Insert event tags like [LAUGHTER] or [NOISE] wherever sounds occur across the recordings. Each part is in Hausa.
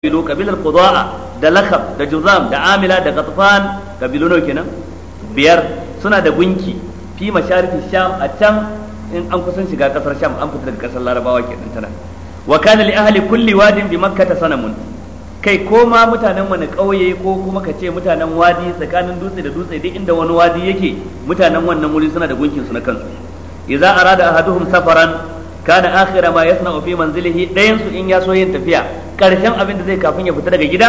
kabilu kabilar qudaa da lakab da juzam da amila da qatfan kabilu nawa kenan biyar suna da gunki fi mashariki sham a can in an kusan shiga kasar sham an fita daga kasar larabawa kenan tana wa kana kulli wadin bi makkah sanamun kai ko ma mutanen wani ƙauye ko kuma ka ce mutanen wadi tsakanin dutse da dutse duk inda wani wadi yake mutanen wannan wuri suna da gunkin su na kansu idza arada ahaduhum safaran kana akhira ma yasna fi manzilihi dayan su in ya so yin tafiya karshen abin da zai kafin ya fita daga gida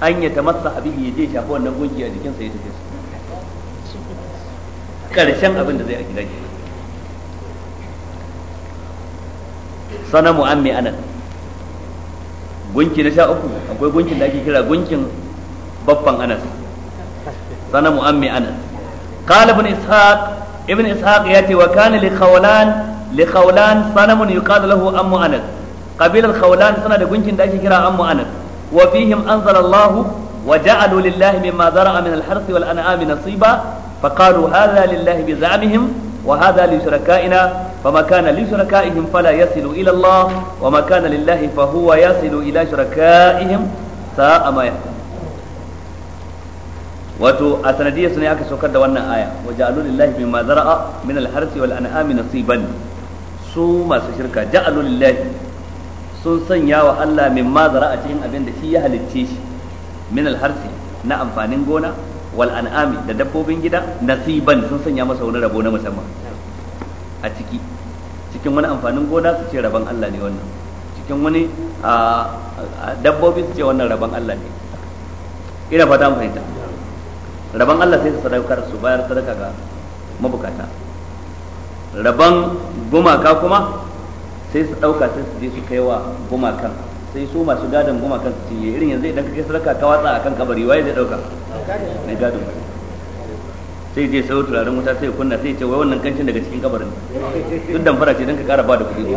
an ya tamassa abin ya je shafa wannan gunki a jikinsa ya tafi karshen abin da zai a gida ke sanamu ammi anan gunki na sha uku akwai gunkin da ake kira gunkin babban anas sanamu ammi anas qala ibn ishaq ibn ishaq ya ce wa kana li khawlan li khawlan sanamun yuqalu lahu ammu anas qabilar khawlan suna da gunkin da ake kira ammu anas wa fihim anzala Allah wa ja'alu lillahi mimma فقالوا هذا لله بزعمهم وهذا لشركائنا فما كان لشركائهم فلا يصل إلى الله وما كان لله فهو يصل إلى شركائهم ساء ما يحكم wato a sanadiyar su ne aka saukar da wannan aya wa lillahi mimma mazara min al wal an'ami nasiban su masu shirka ja'alu lillahi sun sanya wa Allah min ma a cikin abin da shi ya halicce shi min alharsi na amfanin gona wal an'ami da dabbobin gida nasiban sun sanya masa wani rabo na musamman a ciki cikin wani amfanin gona su ce rabon Allah ne wannan cikin wani dabbobi su ce wannan rabon Allah ne ina fata mu fahimta rabon Allah sai su sadaukar su bayar sadaka ga mabukata rabon gumaka kuma sai su ɗauka sai su je su kai wa gumakan sai su masu gadon gumakan su cinye irin yanzu idan kai sadaka ka watsa akan kabari waye zai ɗauka na gadon sai je sai turaren wuta sai kunna sai ce wai wannan kancin daga cikin kabarin duk damfara ce dan ka ƙara ba da kuɗi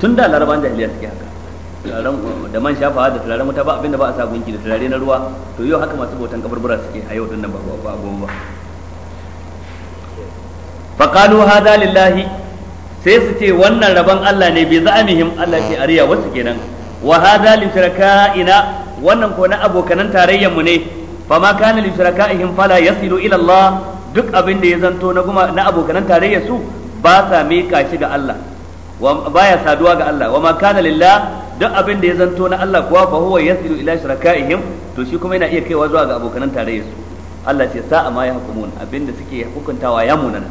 tun da laraban jahiliya suke haka turaren da man shafa da turaren wuta ba abinda ba a sa gunki da turare na ruwa to yau haka masu bautan kaburbura suke a yau dinnan ba ba goma ba fa qalu hadha lillahi sai su ce wannan rabon Allah ne bi za'amihim Allah ce ariya wasu kenan wa hadha li shirakaina wannan ko na abokanan tarayyar mu ne fa ma kana li shirakaihim fala yasilu ila Allah duk abin da ya zanto na guma na abokanan tarayyar su ba sa mika shi ga Allah baya saduwa ga Allah wa ma kana lillah duk abin da ya zanto na Allah kuwa fa huwa yasilu ila shirakaihim to shi kuma yana iya kaiwa zuwa ga abokanan tarayyar su Allah ce sa'a ma ya abin da suke hukuntawa ya munana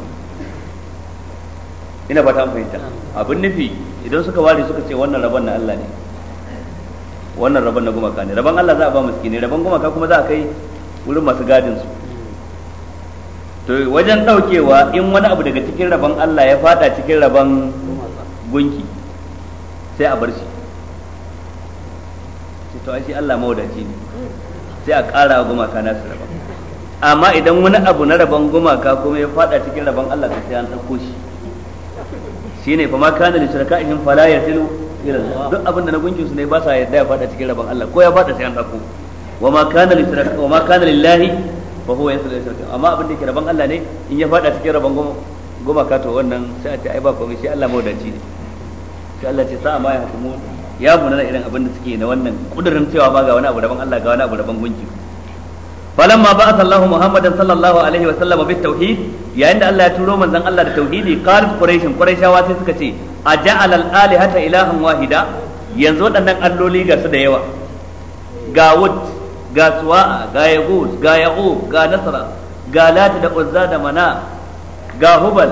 ina fata ta fahimta abin nufi idan suka ware suka ce wannan rabon na Allah ne wannan rabon na gumaka ne rabon Allah za a ba miskini rabon gumaka kuma za a kai wurin masu gadin su to wajen daukewa in wani abu daga cikin rabon Allah ya fada cikin rabon gunki sai a bar shi to ai shi Allah mawadaci ne sai a ƙara gumaka nasu rabon amma idan wani abu na rabon gumaka kuma ya fada cikin rabon Allah ka sai an ɗauko shi shine fa ma kana li shurakaihim fala yasilu ila Allah duk abin da na gunkin su ne ba sa yadda ya fada cikin rabon Allah ko ya fada sai an ɗauko wa ma kana li shirka wa ma kana lillahi fa huwa yasilu ila amma abin da ke rabon Allah ne in ya fada cikin rabon gumaka to wannan sai a ce ai ba komai shi Allah mawadaci ne sai Allah ce sa ma ya hukumu ya munana irin abin da suke na wannan kudurin cewa ba ga wani abu daban Allah ga wani abu daban gunki falamma ba'atha Allahu Muhammadan sallallahu alaihi wa sallam bit tauhid yayin da Allah ya turo manzon Allah da tauhidi qal quraish quraishawa sai suka ce aja'al al alihata ilahan wahida yanzu waɗannan alloli ga su da yawa ga wud ga suwa'a ga yagut ga Ya'u, ga nasra ga lat da uzza da mana ga hubal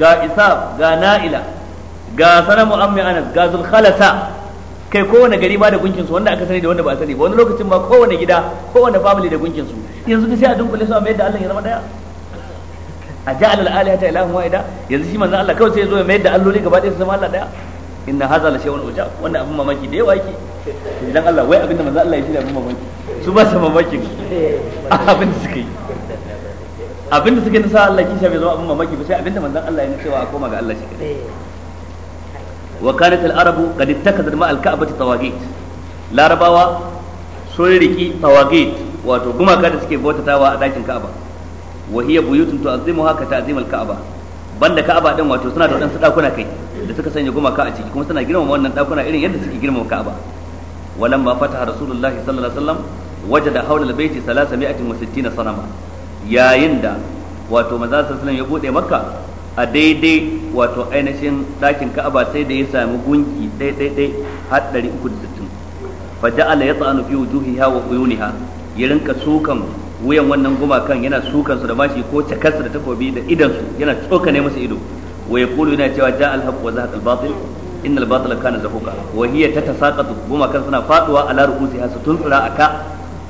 ga isab ga na'ila ga sanamu ammi anas ga zulkhalata kai kowane gari ma da gunkin su wanda aka sani da wanda ba sani ba wani lokacin ma kowane gida kowane family da gunkin su yanzu duk sai a dunkule su a mayar da Allah ya zama daya a ja'al al-alihata ilahun wahida yanzu shi manzon Allah kawai sai ya zo ya mayar da alloli gaba ɗaya su zama Allah daya inna hadha la shay'un ujab wannan abin mamaki da yawa yake idan Allah wai abin da manzon Allah ya shirya abin mamaki su ba su mamaki abin da suke yi abin da suka nisa Allah kisha bai zama abin mamaki ba sai abin da Allah ya nuna cewa a koma ga Allah shi kadai wa kanat al-arabu qad ittakhadhat ma al-ka'bati tawagit larabawa sun riki wato gumaka da suke bautatawa a dakin ka'aba wa hiya buyutun tu'azzimuha ka ta'zim al-ka'aba banda ka'aba din wato suna da wadansu dakuna kai da suka sanya gumaka a ciki kuma suna girmama wannan dakuna irin yadda suke girmama ka'aba walamma fataha rasulullahi sallallahu alaihi 360 sanama yayin da wato manzo sallallahu alaihi ya bude maka. a daidai wato ainihin ɗakin ka'aba sai da ya sami gunki daidai har ɗari uku da sittin fa ja'ala ya tsanu fi ha wa uyuniha ya rinka sukan wuyan wannan gumakan yana sukan su da mashi ko cakarsa da takobi da idan su yana tsokane masa ido wa yaqulu yana cewa ja'al haqq wa zahaqal batil innal batila kana zahuka wa hiya tatasaqatu gumakan suna faduwa ala ru'usiha su tuntsura aka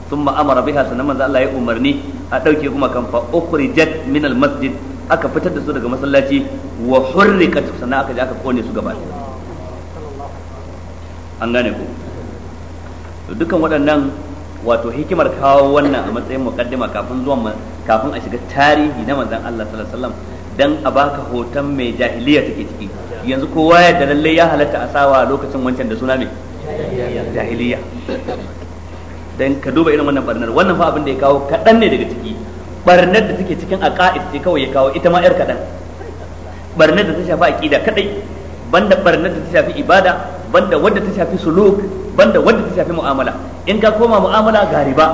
thumma amara biha sanan manzo Allah ya umarni a dauke gumakan fa ukhrijat min al masjid aka fitar da su daga masallaci wa hurrikat sannan aka je aka kone su gaba an gane ku dukkan waɗannan wato hikimar kawo wannan a matsayin muqaddima kafin zuwan kafin a shiga tarihi na manzon Allah sallallahu alaihi wasallam dan a baka hoton mai jahiliya take ciki yanzu kowa ya da lalle ya halatta a sawa lokacin wancan da suna mai jahiliya dan ka duba irin wannan barnar wannan fa abin da ya kawo kaɗan ne daga ciki barnar da suke cikin aqaid ce kawai ya kawo ita ma yar kadan barnar da ta shafi aqida kadai banda barnar da ta shafi ibada banda wanda ta shafi suluk banda wanda ta shafi mu'amala in ka koma mu'amala ga riba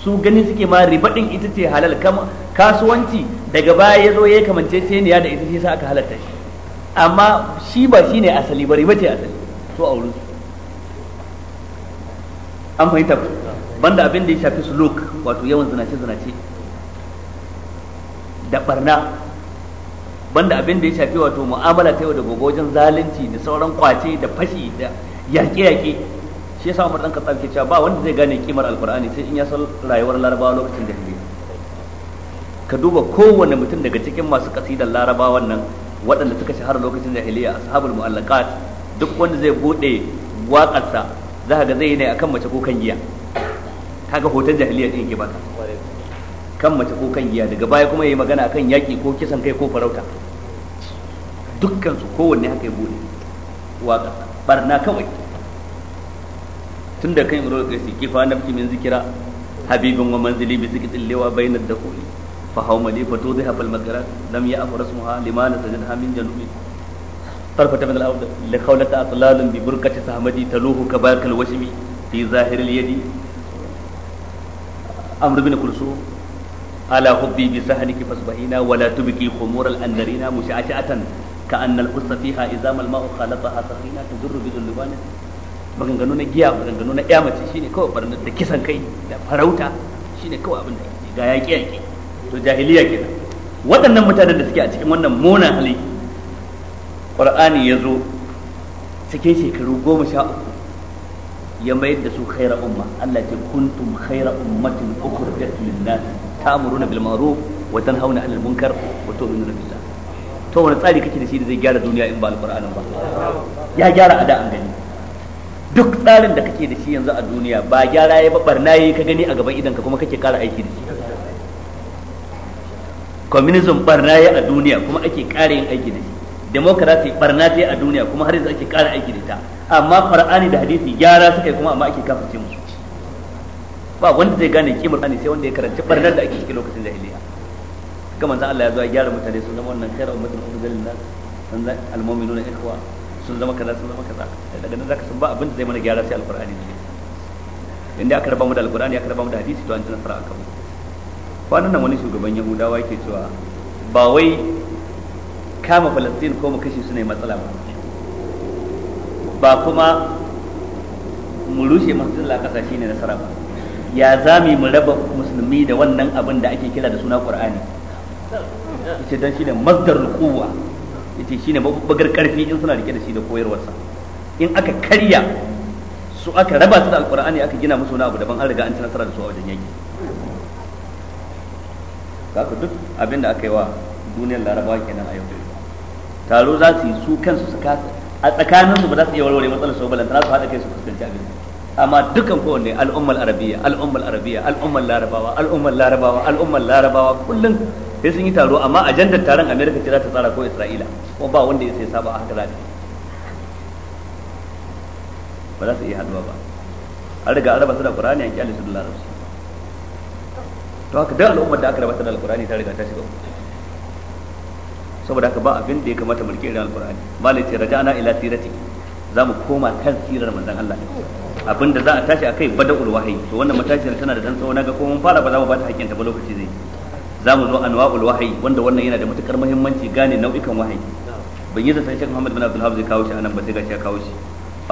su gani suke ma riba din ita ce halal kama. kasuwanci daga baya ya zo ya kamance ya da ita shi sa aka halatta shi amma shi ba shi ne asali ba riba ce asali so a wurin an fahimta ba. banda abin da ya shafi suluk wato yawan zinace zinace da barna banda abin da ya shafi wato mu'amala ta yau da gobe wajen zalunci da sauran kwace da fashi da yaƙe-yaƙe shi yasa Umar dan Khattab ke cewa ba wanda zai gane kimar Alkur'ani sai in ya san rayuwar Larabawa lokacin jahiliya ka duba kowane mutum daga cikin masu kasidar Larabawan nan waɗanda suka shahara lokacin jahiliya ashabul mu'allaqat duk wanda zai buɗe waƙarsa za ga zai yi ne akan mace ko kan giya kaga hoton jahiliya din yake baka kan mace ko kan giya daga baya kuma yayi magana akan yaki ko kisan kai ko farauta dukkan su kowanne haka ya bude waka barna kawai tunda kan imrul qais kifa nafsi min zikira habibin wa manzili bi zikitin lewa bayin da dakhuli fa hauma li fa tudhiha fal madara lam ya'fu rasmuha liman sajadha min janubi li khawlata atlalun bi burkati sahmadi taluhu تلوه washmi fi zahir al yadi. amr bin kulsu ala hubbi bi sahniki fasbahina wala tubki tubqi khumur al andarina musha'atan ka anna al qussa fiha izam al ma'u khalatha sakhina tadur bi dhulubana maganganu na giya maganganu na yamace shine kawai barnar da kisan kai da farauta shine kawai abin da ga yaki yaƙi to jahiliya kenan waɗannan mutanen da suke a cikin wannan munan hali qur'ani yazo cikin shekaru goma sha uku ya mayar da su khaira umma Allah ce kuntum khaira ummatin ukhrijat lin-nas ta'muruna bil ma'ruf wa tanhauna 'anil munkar wa tu'minuna billah to wani tsari kake da shi da zai gyara duniya in ba alqur'anin ba ya gyara ada an gani duk tsarin da kake da shi yanzu a duniya ba gyara ya ba barna yayi ka gani a gaban idanka kuma kake kara aiki da shi communism barna ya a duniya kuma ake kara yin aiki da shi democracy barna ta yi a duniya kuma har yanzu ake kara aiki da ita amma qur'ani da hadisi gyara suka kuma amma ake kafirce mu ba wanda zai gane kimar ani sai wanda ya karanci barnar da ake cikin lokacin jahiliya kuma manzo Allah ya zo ya gyara mutane sun zama wannan khairu ummatin ummatan nas sun zama almu'minuna ikhwa sun zama kaza sun zama kaza daga nan zaka san ba abin da zai mana gyara sai alqur'ani ne inda aka raba mu da alqur'ani aka raba mu da hadisi to an tana fara akan kwanan nan wani shugaban yahudawa yake cewa ba wai kama falastin ko mu kashe su ne matsala ba ba kuma mu rushe masjidin al-aqsa shine nasara ba ya zami mu raba musulmi da wannan abin da ake kira da suna qur'ani yace dan shine masdar quwwa yace shine babbar karfi in suna rike da shi da koyarwarsa in aka karya su aka raba su da alqur'ani aka gina musu wani abu daban an riga an ci nasara da su a wajen yaki haka duk abin da aka yi wa duniyar larabawa kenan a yau taro za su yi su kansu su kasa a tsakanin su ba za su iya warware matsalar su balanta su haɗa kai su fuskanci abin amma dukan kowanne al'ummar arabiya al'ummar arabiya al'ummar larabawa al'ummar larabawa al'ummar larabawa kullum sai sun yi taro amma ajandar taron america ce za ta tsara ko isra'ila kuma ba wanda ya sai saba a haka za ba za su iya haduwa ba a riga araba raba su da qur'ani an su da larabci to haka duk al'ummar da aka rabata da alqur'ani ta riga ta shiga saboda haka ba abin da ya kamata mulki irin alkur'ani malai ce raja'ana ila sirati za mu koma kan sirar manzon Allah abin da za a tashi akai bada'ul wahyi to wannan matashi tana da dan tsawo naga ko mun fara ba za mu ba ta hakkin ta ba lokaci zai za mu zo anwa'ul wahyi wanda wannan yana da matukar muhimmanci gane nau'ikan wahayi ban yi zaton Sheikh Muhammad bin Abdul Wahab zai kawo shi anan ba sai ga shi ya kawo shi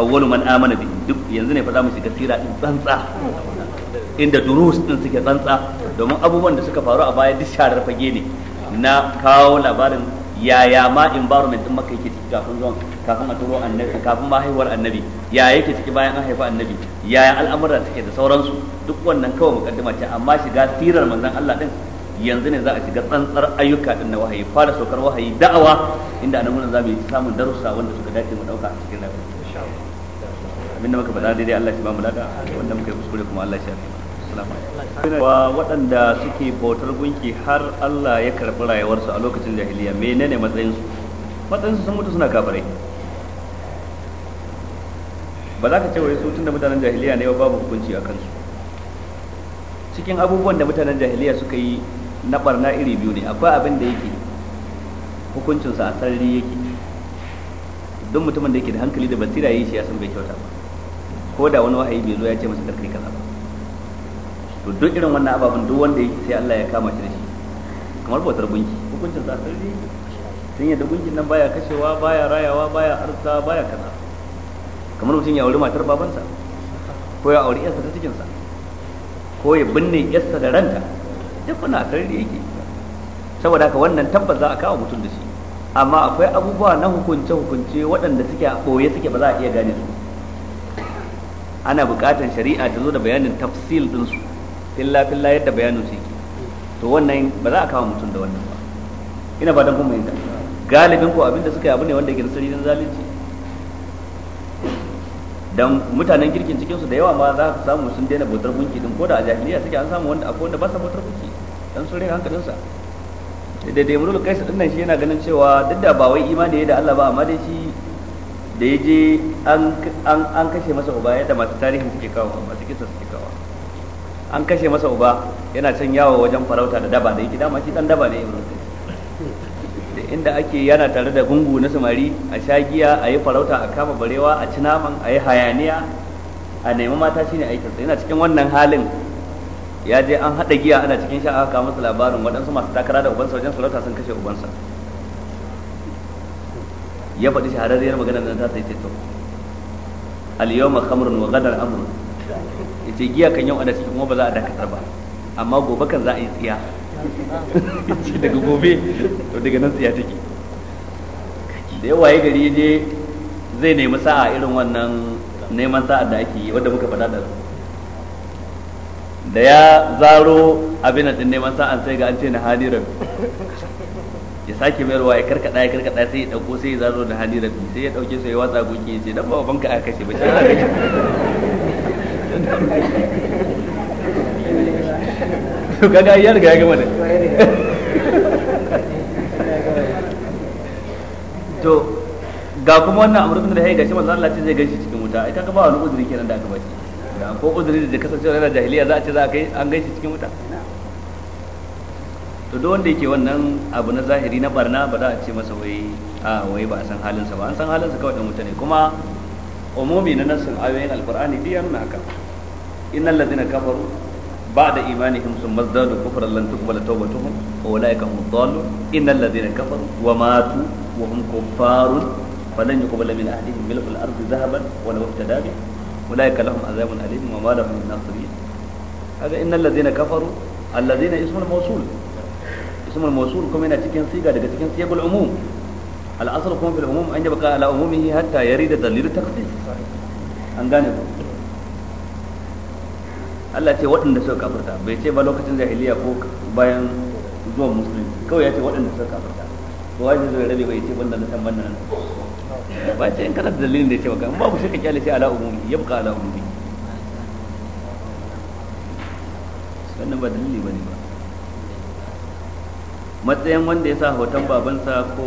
awwalu man amana bi duk yanzu ne fa za mu shiga sira din tsantsa inda durus din suke tsantsa domin abubuwan da suka faru a baya duk sharar fage ne na kawo labarin yaya ma environment din maka yake ciki kafin zuwan kafin a turo annabi kafin ma haihuwar annabi ya yake ciki bayan an haifa annabi yaya al'amuran take da sauransu duk wannan kawai mukaddima ce amma shiga sirar manzon Allah din yanzu ne za a shiga tsantsar ayyuka din na wahayi fara saukar wahayi da'awa inda anan za zabe yi samun darussa wanda suka dace mu dauka a cikin rayuwa abinda muka faɗa daidai Allah shi ba mu lada wanda muka yi kuskure kuma Allah shi ya wa waɗanda suke bautar gunki har Allah ya karɓi rayuwarsu a lokacin jahiliya menene matsayinsu matsayinsu sun mutu suna kafirai ba za ka ce wai su tunda mutanen jahiliya ne babu hukunci a kansu cikin abubuwan da mutanen jahiliya suka yi na barna iri biyu ne akwai abin da yake hukuncinsa a sarari yake don mutumin da yake da hankali da basira yi shi ya san bai kyauta ba ko da wani wahayi bai zo ya ce masa karkai kaza ba to duk irin wannan ababen duk wanda yake sai Allah ya kama shi da shi kamar bautar gunki hukuncin sa sirri sun yadda gunkin nan baya kashewa baya rayawa baya arsa baya kaza kamar mutum ya auri matar babansa ko ya auri yarsa ta cikinsa ko ya binne yarsa da ranta duk wannan a sarari yake saboda haka wannan tabbas za a kawo mutum da shi amma akwai abubuwa na hukunce hukunce waɗanda suke a ɓoye suke ba za a iya gane su ana buƙatar shari'a ta zo da bayanin tafsil ɗinsu filla filla yadda bayanin su yake to wannan ba za a kawo mutum da wannan ba ina fatan kuma kun fahimta galibin ko abinda suka yi abu ne wanda yake da sirrin zalunci dan mutanen girkin cikin su da yawa ma za ka samu sun daina bautar gunki din ko da a jahiliya suke an samu wanda akwai wanda ba sa bautar gunki dan sun rena hankalin sa da da imrul kais din nan shi yana ganin cewa duk da ba wai imani da Allah ba amma dai shi da yaje an an an kashe masa uba yadda masu tarihin suke kawo masu kisa suke kawo an kashe masa uba yana can yawo wajen farauta da daba da yake dama shi dan daba ne da inda ake yana tare da gungu na samari a shagiya a yi farauta a kama barewa a ci naman a yi hayaniya a nemi mata shine aikinsa yana cikin wannan halin ya je an haɗa giya ana cikin sha aka kawo masa labarin waɗansu masu takara da ubansa wajen farauta sun kashe ubansa ya faɗi shahararriyar maganar nan ta sai ce to al yawma khamrun wa amrun ce giya kan yau ana cikin kuma ba za a dakatar ba amma gobe kan za a yi tsiya daga gobe to daga nan tsiya take da yawa ya gari je zai nemi sa'a irin wannan neman sa'a da ake yi muka faɗa da da ya zaro abin da neman sa'an sai ga an ce na hali rabi ya sake mayarwa ya karkada ya karkada sai ya dauko sai ya zaro da hali rabi sai ya dauke sai ya watsa gunki ya ce dan ba banka aka kashe ba shi to kaga ya riga ya gama da to ga kuma wannan manzo Allah ce zai gaishe cikin wuta ai kaga ba wani uzuri kenan da aka da ko uzuri da yana jahiliya za a ce za a kai an gaishe cikin wuta to duk wanda yake wannan abu na zahiri na barna ba za a ce masa wai a wai ba a san halinsa ba an san halinsa kawai dan wuta ne kuma umumi na nassin ayoyin alqur'ani duk ya nuna haka innal ladina kafaru ba'da imanihim thumma zadu kufran lan tuqbala tawbatuhum wa ulaika hum dallun innal ladina kafaru wa matu wa hum kuffarun falan yuqbala min ahlihim mil'ul ardi dhahaban wa law iftada bi ulaika lahum adhabun alim wa ma lahum min nasirin kaga innal ladina kafaru alladina ismul mawsul ismul mawsul kuma yana cikin siga daga cikin sigul umum al'asar kuma bil umum an baka ala umumihi hatta yarida dalil takhsis an gane ku Allah ce waɗanda suka kafirta bai ce ba lokacin jahiliya ko bayan zuwan musulmi kawai ya ce waɗanda suka kafirta to wai zai rabe bai ce banda na san banda nan ba ce in kana da dalilin da ya ce baka in babu shirka kyale sai ala umumi baka ala umumi wannan ba dalili bane ba matsayin wanda ya sa hoton babansa ko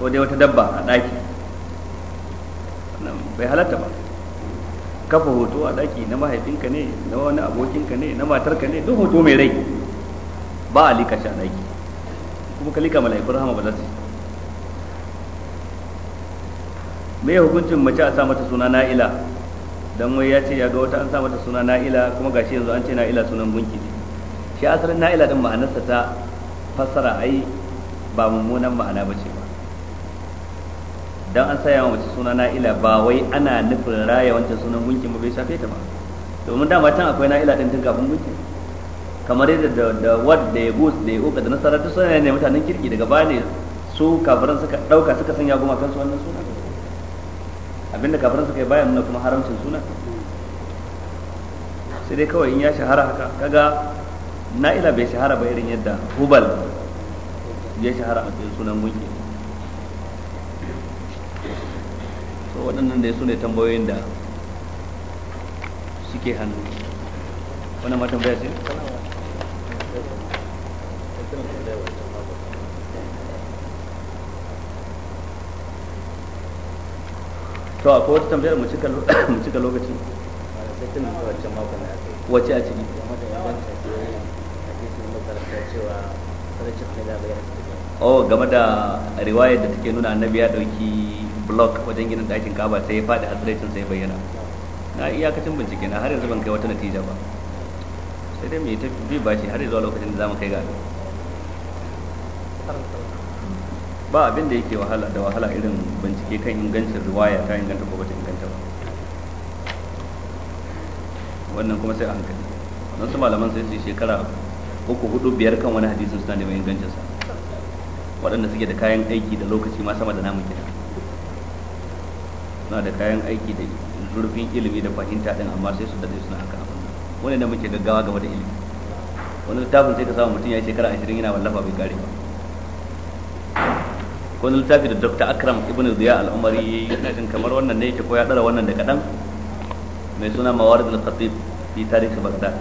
ko dai wata dabba a ɗaki bai halatta ba kafa hoto a ɗaki na mahaifinka ne na wani abokinka ne na matarka ne duk hoto mai rai ba a lika shi a ɗaki kuma ka lika mala'ikun rahama ba za su me hukuncin mace a sa mata suna na'ila dan wai ya ce ya ga wata an sa mata suna na'ila kuma gashi yanzu an ce na'ila sunan gunki ne shi asalin na'ila din ma'anarsa ta fassara ai ba mummunan ma'ana ba ce ba dan an saya mace suna na'ila ba wai ana nufin raya wancan sunan gunkin ba bai shafe ta ba domin dama can akwai na'ila din tun kafin gunkin kamar yadda da da wad da yabus da yuka da nasara duk suna ne mutanen kirki daga baya ne su kafiran suka dauka suka sanya goma su wannan suna abinda kafiran suka yi bayan nuna kuma haramcin suna sai dai kawai in ya shahara haka kaga na'ila bai shahara ba irin yadda hubal ya shahara a cikin sunan gunkin to waɗannan dai su ne tambayoyin da suke hannu wani ma tambaya ce to akwai wata tambayar mu cika [COUGHS] lokacin wace a ciki oh game da riwayar da take nuna annabi ya dauki block wajen ginin ɗakin kaba sai ya faɗi hasirancin sai bayyana na iyakacin bincike na har yanzu ban kai wata natija ba sai dai mai tafi ba shi har zuwa lokacin da za mu kai gari. ba abin da yake wahala da wahala irin bincike kan ingancin riwaya ta inganta ko bata inganta ba wannan kuma sai a hankali don su malaman sai su shekara uku hudu biyar kan wani hadisin suna neman ingancinsa waɗanda suke da kayan aiki da lokaci ma sama da namun gida suna da kayan aiki da zurfin ilimi da fahimta din amma sai su da suna haka abin wani da muke gaggawa game da ilimi wani littafin sai ka samu mutum ya yi shekara ashirin yana wallafa bai kare ba wani littafi da dr akram ibn ziya al'umari yana jin kamar wannan ne yake ko ya ɗara wannan da kaɗan mai suna mawarid da khatib fi tarihi bagdad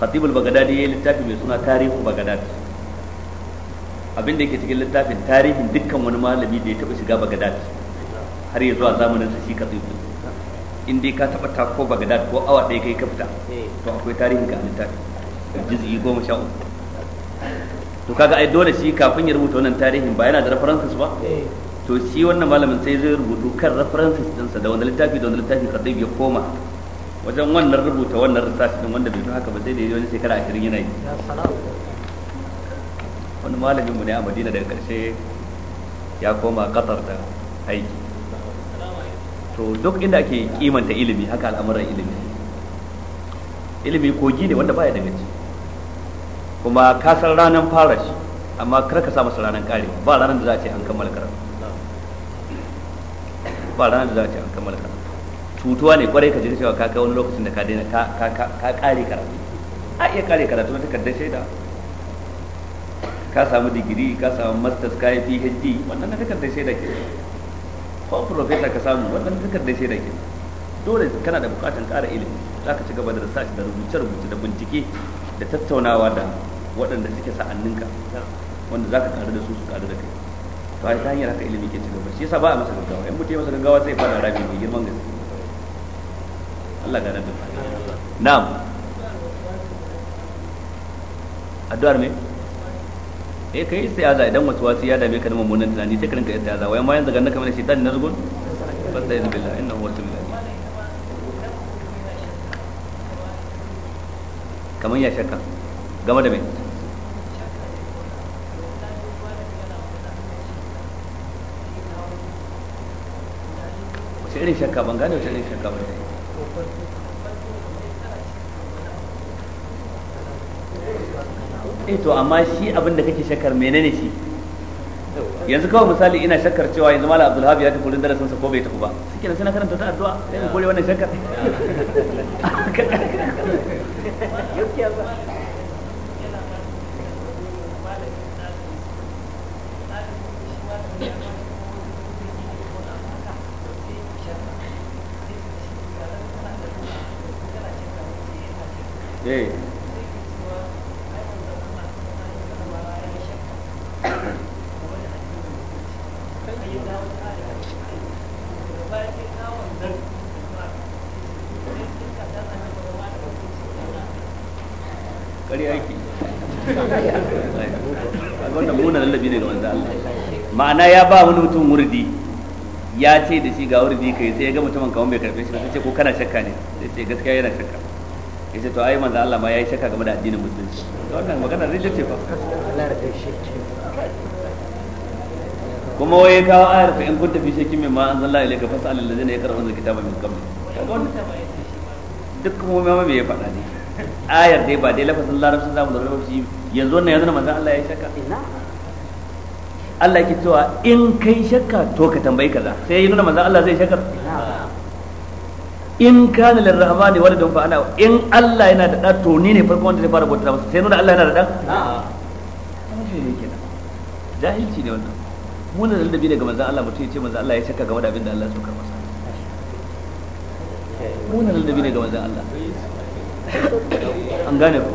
khatib al-bagdad ya yi littafi mai suna tarihi bagdad abin da yake cikin littafin tarihin dukkan wani malami da ya taɓa shiga bagdad har yanzu zuwa zamanin su shi katsib in dai ka taba ta ko bagadad ko awa ɗaya kai ka fita eh. to akwai tarihin ka littafi juz'i goma sha uku to kaga ai dole shi kafin ya rubuta wannan tarihin ba yana da references ba eh. to shi wannan malamin sai zai rubutu kan references dinsa da wani littafi da wani littafi katsib ya koma wajen wannan rubuta wannan research din wanda bai fi haka ba sai da yi wani shekara ashirin yana yi wani malamin mu ne a madina daga karshe ya koma kasar da aiki to duk inda ake kimanta ilimi haka al'amuran ilimi ilimi kogi ne wanda baya daga ci kuma ka san ranar fara shi amma kar ka sa masa ranar karewa ba ranar da za a ce an kammala karatu ba ranar da za a ce an kammala karatu cutuwa ne kwarai ka ji cewa ka kai wani lokacin da ka daina ka kare karatu a iya kare karatu na takardar shaida ka samu digiri ka samu masters ka yi phd wannan na takardar shaida ke ko profesa ka samu wannan takardar da ke dole kana da bukatan ƙara ilimi za ka ci gaba da research da rubuce-rubuce da bincike da tattaunawa da waɗanda suke sa'anninka wanda za ka ƙaru da su su karu da kai to ai ta hanyar haka ilimi ke ci gaba shi yasa ba a masa gaggawa in mutum ya masa gaggawa sai fara rabi mai girman gaske Allah ga nan da na'am addu'ar me eh kai sai istiaza idan wasu wasu ya dame ka da mummunan tunani sai ka rinka istiaza wayan ma yanzu ganna kamar shi dan fasta fastaiz billah inna huwa samiul alim kamar ya shakka game da me wace irin shakka ban gane wace irin shakka ba eh to amma shi abin da kake shakar menene shi yanzu kawai misali ina shakar cewa yanzu malam abdul ya tafi wurin darasin sa ko bai tafi ba shike sai na karanta ta addu'a sai in kore wannan shakar. Yeah. [LAUGHS] ma'ana ya ba wani mutum wurdi ya ce da shi ga wurdi kai sai ya ga mutumin kawai bai karfe shi ba sai ce ko kana shakka ne sai ce gaskiya yana shakka ya ce to ai manzo Allah ma yayi shakka game da addinin musulunci to wannan magana rijiyar ce fa kuma waye kawo ayar fa in kunta fi shakkin min ma anzalna ilayka fas'al allazina yaqra'una alkitaba min qabl duk kuma ma me ya faɗa ne ayar dai ba dai lafazin larabci zamu da wani yanzu wannan yanzu manzo Allah ya shakka Allah ke cewa in kai shakka to ka tambayi kaza sai ya nuna manzon Allah zai shakka in kana lil rahmani waladun fa ana in Allah yana da da to ni ne farko wanda zai fara bauta masa sai nuna Allah yana da da jahilci ne wannan muna da ladabi daga manzon Allah mutum ya ce manzon Allah ya shakka game da abin da Allah ya saukar masa muna da ladabi daga manzon Allah an gane ku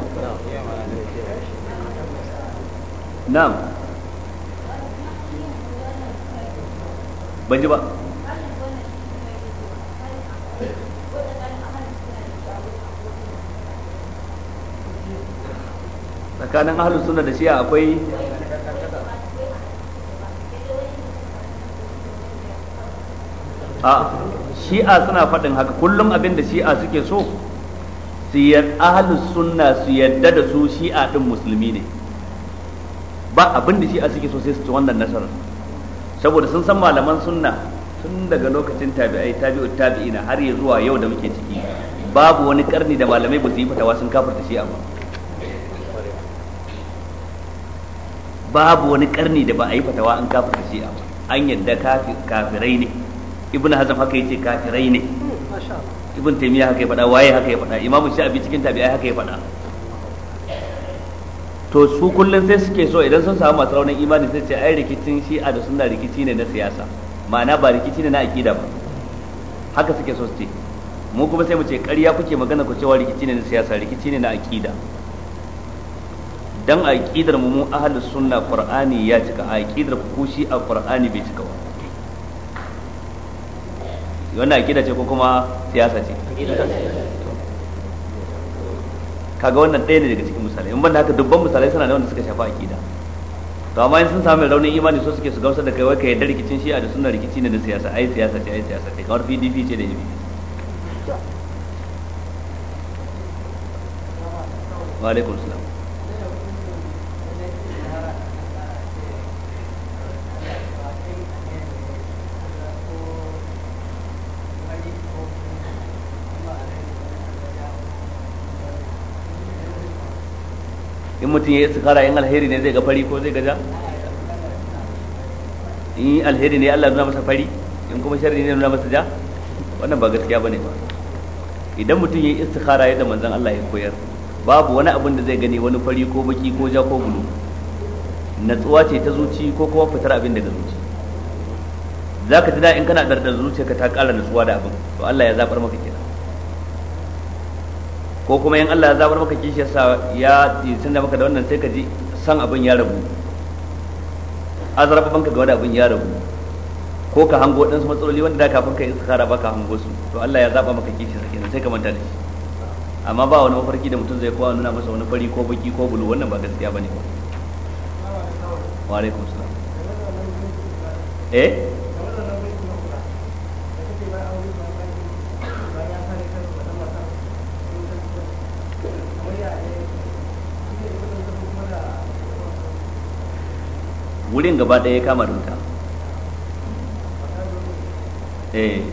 na'am ban ji ba tsakanin ahalus suna da shi'a akwai a shi'a suna faɗin haka kullum abin da shi'a suke so su ahalus sunna su yadda da su shi'a din musulmi ne ba abin da shi'a suke so sai su ci wannan nasarar saboda sun san malaman sunna tun daga lokacin tabi'ai tabi'ut tabi'ina har ya zuwa yau da muke ciki babu wani karni da malamai ba su yi fatawa sun kafirta shi amma babu wani karni da ba a yi fatawa an kafirta shi amma an yadda kafirai ne ibn hazm haka yace kafirai ne hmm, ibn taymiya haka ya faɗa waye haka ya faɗa imam shafi cikin tabi'ai haka ya faɗa to su kullum sai suke so idan sun samu masu raunin imani sai ce ai rikicin shi'a da suna rikici ne na siyasa ma'ana ba rikici ne na akida ba haka suke so su ce mu kuma sai mu ce ƙarya kuke magana ku cewa rikici ne na siyasa rikici ne na akida dan aqidar mu mu ahlus sunna qur'ani ya cika aqidar ku shi a qur'ani bai cika ba wannan aqida ce ko kuma siyasa ce kaga wannan ɗaya ne daga cikin misalai in banda haka dubban misalai suna da wanda suka shafi akida to amma in sun samu raunin imani so suke su gamsar da kai wai ka yarda rikicin shi'a da sunna rikici ne da siyasa ai siyasa ce ai siyasa ce kamar PDP ce da yabi wa alaikum salam mutum ya yi istikhara in alheri ne zai ga fari ko zai ga ja in alheri ne Allah nuna masa fari in kuma sharri ne nuna masa ja wannan ba gaskiya bane ba idan mutum ya yi istikhara yadda manzon Allah ya koyar babu wani abin da zai gani wani fari ko baki ko ja ko bulu natsuwa ce ta zuci ko kuma fitar abin daga zuci zaka ji da in kana dardar zuciyarka ta ƙara natsuwa da abin to Allah ya zabar maka kenan ko kuma in Allah ya zabar maka kishi yasa ya da maka da wannan sai ka ji san abin ya rabu azrafa banka ga wani abin ya rabu ko ka hango su matsaloli wanda da kafin ka yi istikhara ba ka hango su to Allah ya zaba maka kishi sai kenan sai ka manta da shi amma ba wani mafarki da mutum zai kowa nuna masa wani fari ko baki ko bulu wannan ba gaskiya bane ba wa alaikum salam eh wurin gaba ɗaya ya kama da wuta eh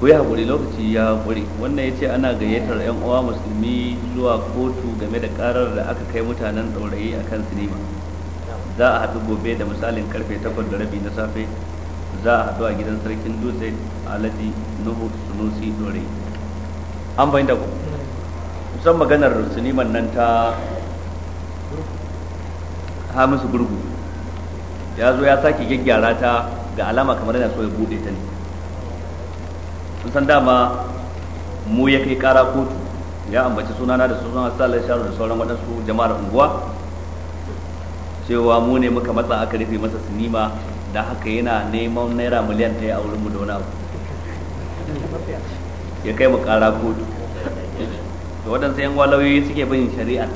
ku yi haƙuri lokaci ya haƙuri. wannan ya ce ana gayyatar 'yan uwa musulmi zuwa kotu game da ƙarar da aka kai mutanen tsaurayi a kan sinima za a haɗu gobe da misalin karfe takwas rabi na safe za a haɗu a gidan sarkin dutse alhaji nuhu sunusi tsaurayi an da ku kusan maganar siniman nan ta hamisu gurgu ya zo ya sake gyaggyara ta ga alama kamar yana so ya bude ta ne san dama mu ya kai kara kotu ya ambaci sunana da sunan asalar sharu da sauran waɗansu jama'ar unguwa cewa mu ne muka matsa aka rufe masa sinima da haka yana neman naira miliyan ta yi a wurin da wani abu ya kai mu kara kotu to waɗansu yan lauyoyi suke bin shari'a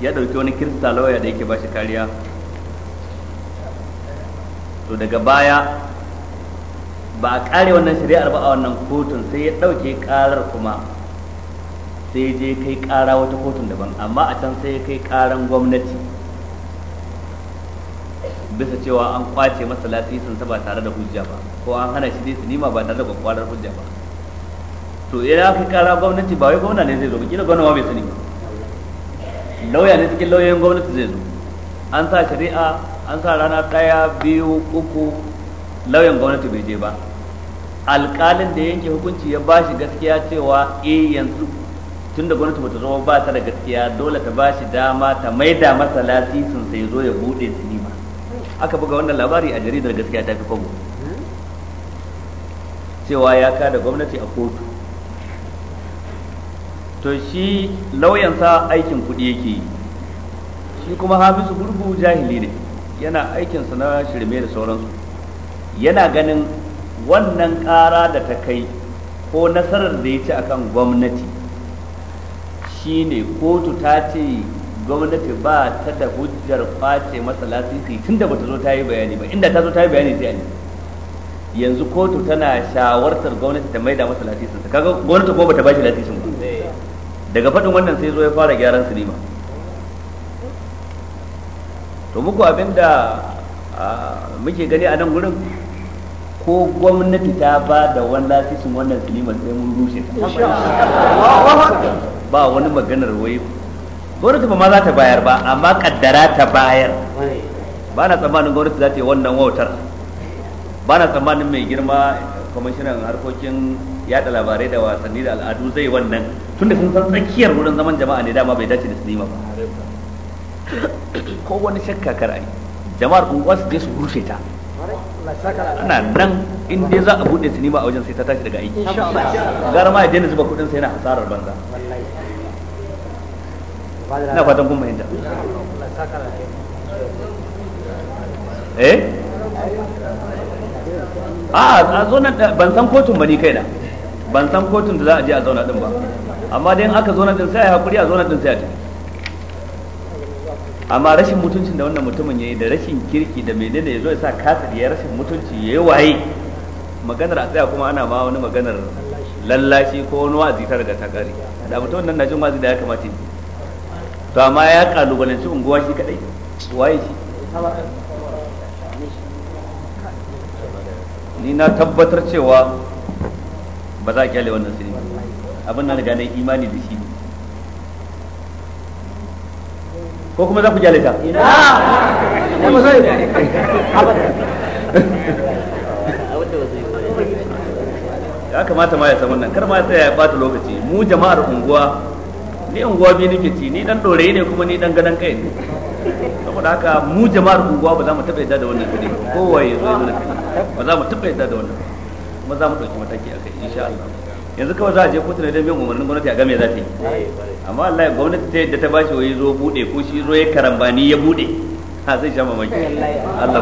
ya ɗauki wani kirista lauya da yake ba shi kariya to daga baya ba a ƙare wannan shari'ar ba a wannan kotun sai ya ɗauke ƙarar kuma sai je kai ƙara wata kotun daban amma a can sai ya kai ƙaran gwamnati bisa cewa an kwace masa lasisin ba tare da hujja ba ko an hana shi nima ba tare da kwakwarar hujja ba to idan eh, aka kara gwamnati ba wai gwamna ne zai zo ba kila gwamna ma bai sani ba lauya ne cikin lauyoyin gwamnati zai zo an sa shari'a an sa rana ɗaya biyu uku lauyan gwamnati bai je ba alƙalin da yanke hukunci ya ba shi gaskiya cewa eh yanzu tun da gwamnati bata zama ba ta da gaskiya dole ta ba shi dama ta maida masa lasisin sai zo ya buɗe sinima aka buga wannan labari a jaridar gaskiya ta fi kwabo cewa ya kada gwamnati a kotu to shi lauyansa aikin kuɗi yake yi shi kuma hafizu gurgu jahili ne yana aikinsa na shirme da sauransu yana ganin wannan ƙara da ta kai ko nasarar da ya ci akan gwamnati Shi ne kotu ta ce gwamnati ba ta da hujjar kwace masa lasisi tun da bata zo ta yi bayani ba inda ta zo ta yi bayani sai an yanzu kotu tana shawartar gwamnati ta maida masa lasisin kaga gwamnati ko bata bashi lasisin daga faɗin wannan sai zo ya fara gyaran silima to muku abinda muke gani a nan gurin ko gwamnati ta ba da wani lasisin wannan silimar sai mun rushe ba wani maganar wai gwamnati ba ma za ta bayar ba amma kaddara ta bayar ba na tsammanin gwamnati za ta yi wannan wautar ba na tsammanin mai girma kwamishinan harkokin yada labarai da wasanni da al'adu zai wannan tunda kun san tsakiyar wurin zaman jama'a ne dama bai dace da sinima ba ko wani shakka kar ai jama'ar unguwa su je su rushe ta ana nan in dai za a bude sinima a wajen sai ta tashi daga aiki gara ma ya daina zuba kudin sai yana hasarar banza ina fatan kun fahimta eh a zo nan ban san kotun bani kai na ban san kotun da za a je a zauna din ba amma dai in aka zauna din sai a hakuri a zauna din sai a tafi amma rashin mutuncin da wannan mutumin yayi da rashin kirki da menene yazo ya sa kasa ya rashin mutunci yayi waye maganar a tsaya kuma ana ma wani maganar lallashi ko wani wazi ta daga ta da mutum nan na jin wazi da ya kamata yi to amma ya kalubalanci unguwa shi kadai waye shi ni na tabbatar cewa ba za a kyale wannan sinima abin na riga na imani da shi ko kuma za ku kyale ta ya kamata ma ya san wannan kar ma ya tsaya ya bata lokaci mu jama'ar unguwa ni unguwa biyu nake ci ni dan dore ne kuma ni dan gadan kai ne saboda haka mu jama'ar unguwa ba za mu taba yadda da wannan kudi kowa ya zo ya zo ba za mu taba yadda da wannan kuma za mu ɗauki mataki a kai insha Allah yanzu kawai za a je kotu ne don bin umarnin gwamnati a game za ta yi amma Allah gwamnati ta yadda ta bashi wai zo bude ko shi zo ya karambani ya bude ha zai sha mamaki Allah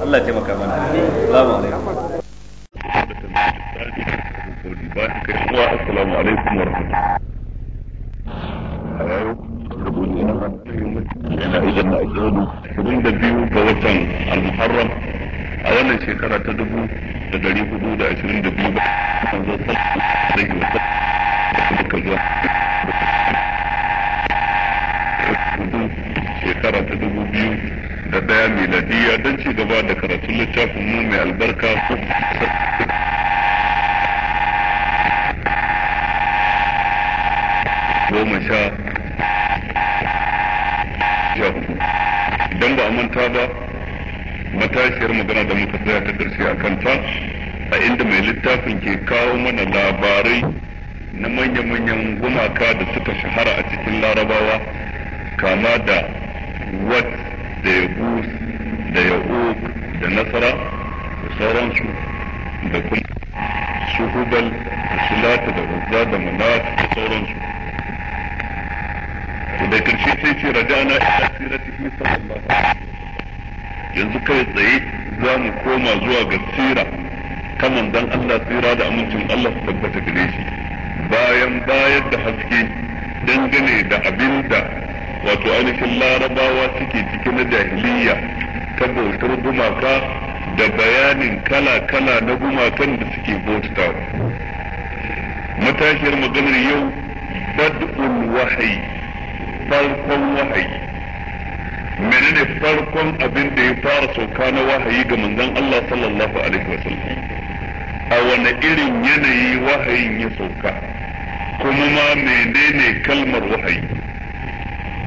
Allah maka mana salamu alaikum assalamu alaikum wa rahmatullahi rubutu na idan na ashirin da ga watan al-muharram a wannan shekara ta dubu da dari hudu da ashirin da biyu ba manzo sallallahu alaihi wa sallam suka zuwa shekara ta dubu biyu da daya miladiya don ci gaba da karatun littafin mu mai albarka goma sha idan ba a manta ba matashiyar magana da muka tsaya ta karshe a kanta a inda mai littafin ke kawo mana labarai na manya-manyan gumaka da suka shahara a cikin larabawa kama da wat da yabus da ya'uk da nasara da sauransu da kuma suhubal da shilata da uzza da manat da sauransu da karshe sai ce rajana ila siratihi sallallahu alaihi yanzu kai tsaye za mu koma zuwa ga tsira ta manzon Allah tsira da amincin Allah su tabbata gare shi bayan bayar da haske dangane da abin da wato ainihin larabawa suke cikin na jahiliya ta bautar gumaka da bayanin kala-kala na gumakan da suke bautata matashiyar maganar yau bad'ul wahayi farkon wahayi menene farkon abin da ya fara sauka na wahayi ga manzon Allah sallallahu alaihi wasallam a wani irin yanayi wahayin ya sauka kuma ma menene kalmar wahayi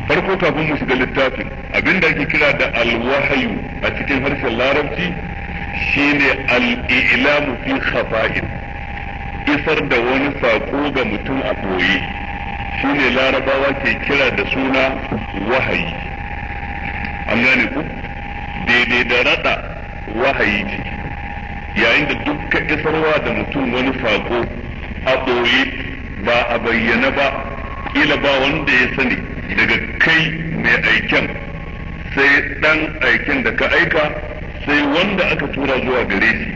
farko kafin mu shiga littafin abin da ake kira da alwahayu a cikin harshen larabci shine al-i'lamu fi khafa'in isar da wani sako ga mutum a boye shine larabawa ke kira da suna wahayi an gane ku daidai da rada wahayi ce yayin da dukka isarwa da mutum wani saƙo a ɓoye ba a bayyana ba ƙila ba wanda ya sani daga kai mai aiken sai dan aiken da ka aika sai wanda aka tura zuwa gare shi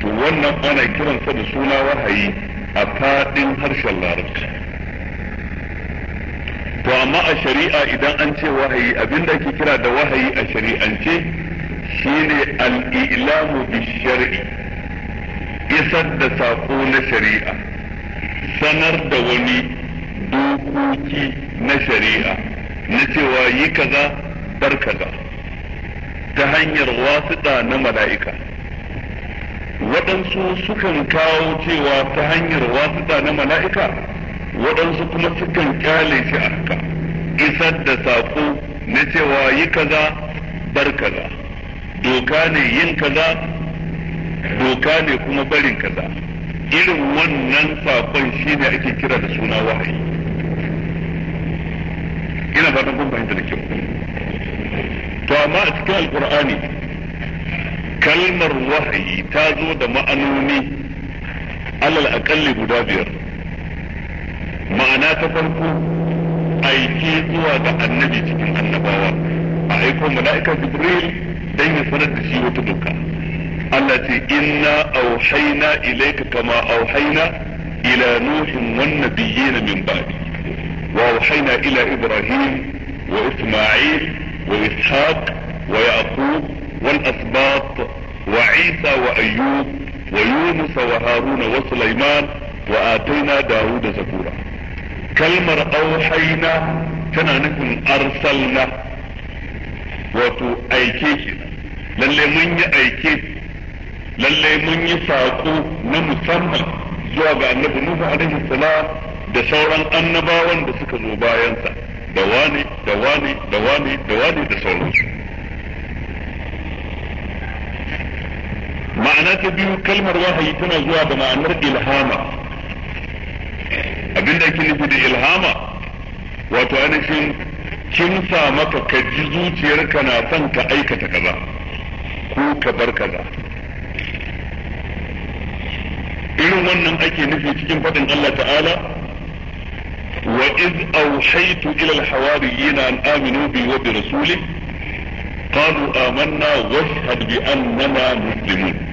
to wannan ana kiransa da suna wahayi a faɗin harshen larabci to amma a shari'a idan an ce wahayi abinda ake kira da wahayi a shari'ance shine al-ilamu bi isar da sako na shari'a sanar da wani dokoki na shari'a na cewa yi kaza bar kaza ta hanyar wasuɗa na mala'ika waɗansu sukan kawo cewa ta hanyar wasuɗa na mala'ika waɗansu kuma sukan kyale shi a haka isar da saƙo na cewa yi kaza bar kaza doka ne yin kaza doka ne kuma barin kaza irin wannan saƙon shi ne ake kira da suna wahayi ina fatan kun fahimta da kyau to amma a cikin alkur'ani kalmar wahayi ta zo da ma'anoni alal aƙalli guda biyar ma'ana ta farko aiki zuwa ga annabi cikin annabawa a aiko mala'ikan jibril dan ya sanar da shi wata doka Allah ce inna auhayna ilayka kama auhayna ila nuhin wan nabiyyin min ba'di wa auhayna ila ibrahim wa isma'il wa ishaq wa yaqub wal asbat wa isa wa ayyub ويونس وهارون وسليمان وآتينا داود زبورا kalmar auhaina tana nufin arsalna wato aike kenan lalle mun yi aike lalle mun yi saƙo na musamman zuwa ga annabi Nuhu alaihi salam da sauran annabawan da suka zo bayansa da wani da wani da wani da wani da sauransu ma'ana ta biyu kalmar wahayi tana zuwa da ma'anar ilhama abinda ake nufi da ilhama wato ainihin kin sa maka ka ji zuciyarka na son ka aikata kaza ko ka bar kaza irin wannan ake nufi cikin faɗin Allah ta'ala wa iz awhaytu ila al-hawariyina an aminu bi wa bi rasuli qalu amanna wa ashhadu bi annana muslimun awhaytu ila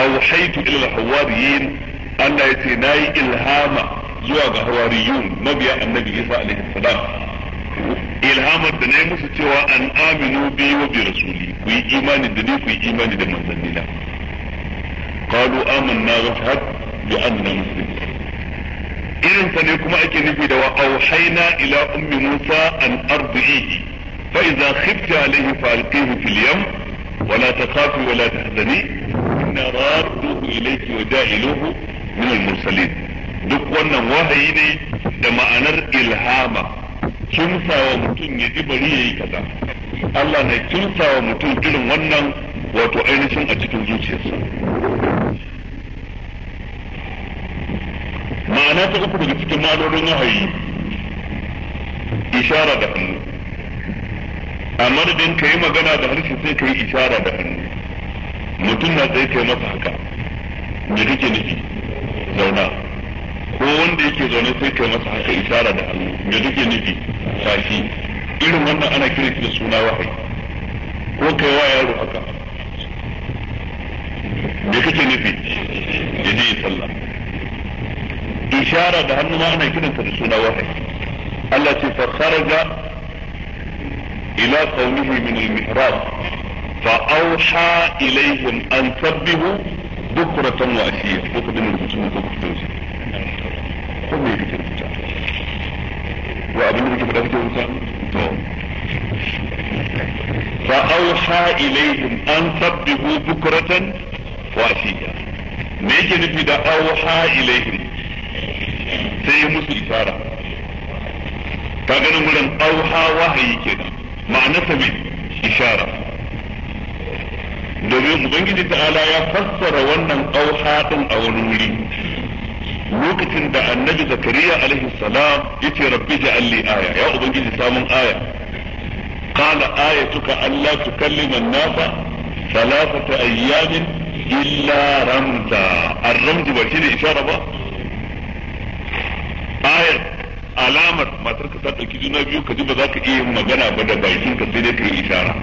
أوحيت إلى الحواريين yace nayi ilhama zuwa ga hawariyun mabiya annabi isa alaihi salam ilhamar da nayi musu cewa an aminu bi wa bi rasuli ku yi imani da ni ku yi imani da manzannina qalu amanna wa fahad bi anna muslim irin sa ne kuma ake nufi da wa auhayna ila ummi musa an ardihi fa idza khifti alayhi fa alqihi fil yam wa la takhafi wa la tahzani inna radduhu ilayki wa da'iluhu min al mursalin duk wannan wahayi ne da ma'anar ilhama kimsawa mutum ya ji bari ya yi kaza Allah na kimsawa mutum irin wannan wato ainihin a cikin zuciyarsa ma'ana ta uku daga cikin ma'anonin wahayi ishara da hannu a madadin ka yi magana da harshe sai ka yi ishara da hannu mutum na tsaye kai masa haka me kake nufi zauna ko wanda yake zaune sai kai masa haka isara da hannu me duke nufi sashi irin wannan ana kiran da suna wahayi ko kai wa yaro haka me kake nufi ya je sallah ishara da hannu ma ana kiranta da suna wahayi Allah ce fa kharaja ila qaumihi min al-mihrab fa awha ilayhim an sabbihu bukratan wa ashiya ko kuma mutum ko kuma san me kake rubuta wa abin da kake faɗa kake rubuta to fa awha ilayhim an sabbihu bukratan wa asiya me yake nufi da awha ilayhim sai musu isara ka ganin wurin auha wahayi kenan ma'anarsa mai ishara domin ubangiji ta'ala ya fassara wannan auha din a wani wuri lokacin da annabi zakariya alaihi salam yace rabbi ja'al li aya ya ubangiji samun aya qala ayatuka alla tukallima an-nasa thalathata ayyamin illa ramza ar-ramz ba shine isharar ba ayar alamar matar ka ta dauki juna biyu ka ji ba za ka iya magana ba da bakin ka sai dai ka yi ishara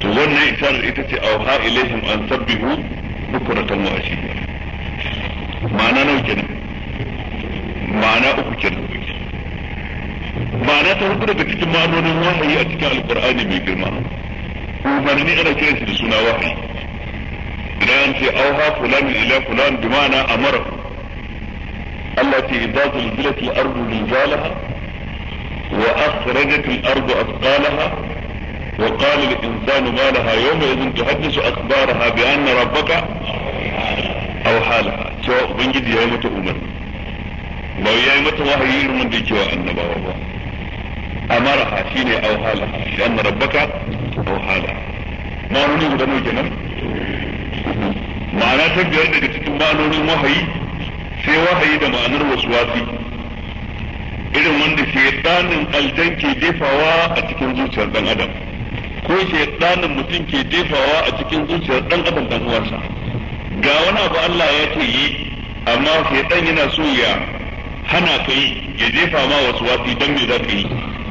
to wannan isharar ita ce auha ilaihim an sabbihu bukratan wa ashiya ma'ana nau kenan ma'ana uku kenan ma'ana ta hudu daga cikin ma'anonin wahayi a cikin alkur'ani mai girma umarni ana kiran shi da suna wahayi idan an ce auha fulan ila fulan bi ma'ana amara Allah ce idza zulzilat al-ardu zilzalaha wa akhrajat al-ardu athqalaha وقال الإنسان ما لها يومئذ تحدث أخبارها بأن ربك أوحى لها cewa ubangiji ya yi mata umar ba ya yi mata wahayi irin wanda yake wa annabawa ba amaraha shine auhala shi anna rabbaka auhala ma wani guda nawa kenan ma'ana ta biyar daga cikin ma'anonin wahayi sai wahayi da ma'anar wasuwasi irin wanda shaidanin aljan ke jefawa a cikin zuciyar dan adam ko shaidanin mutum ke jefawa a cikin zuciyar dan adam dan uwarsa ga wani abu Allah ya ce yi amma shaitan yana so ya hana ka yi ya jefa ma wasu wasu dan me za ka yi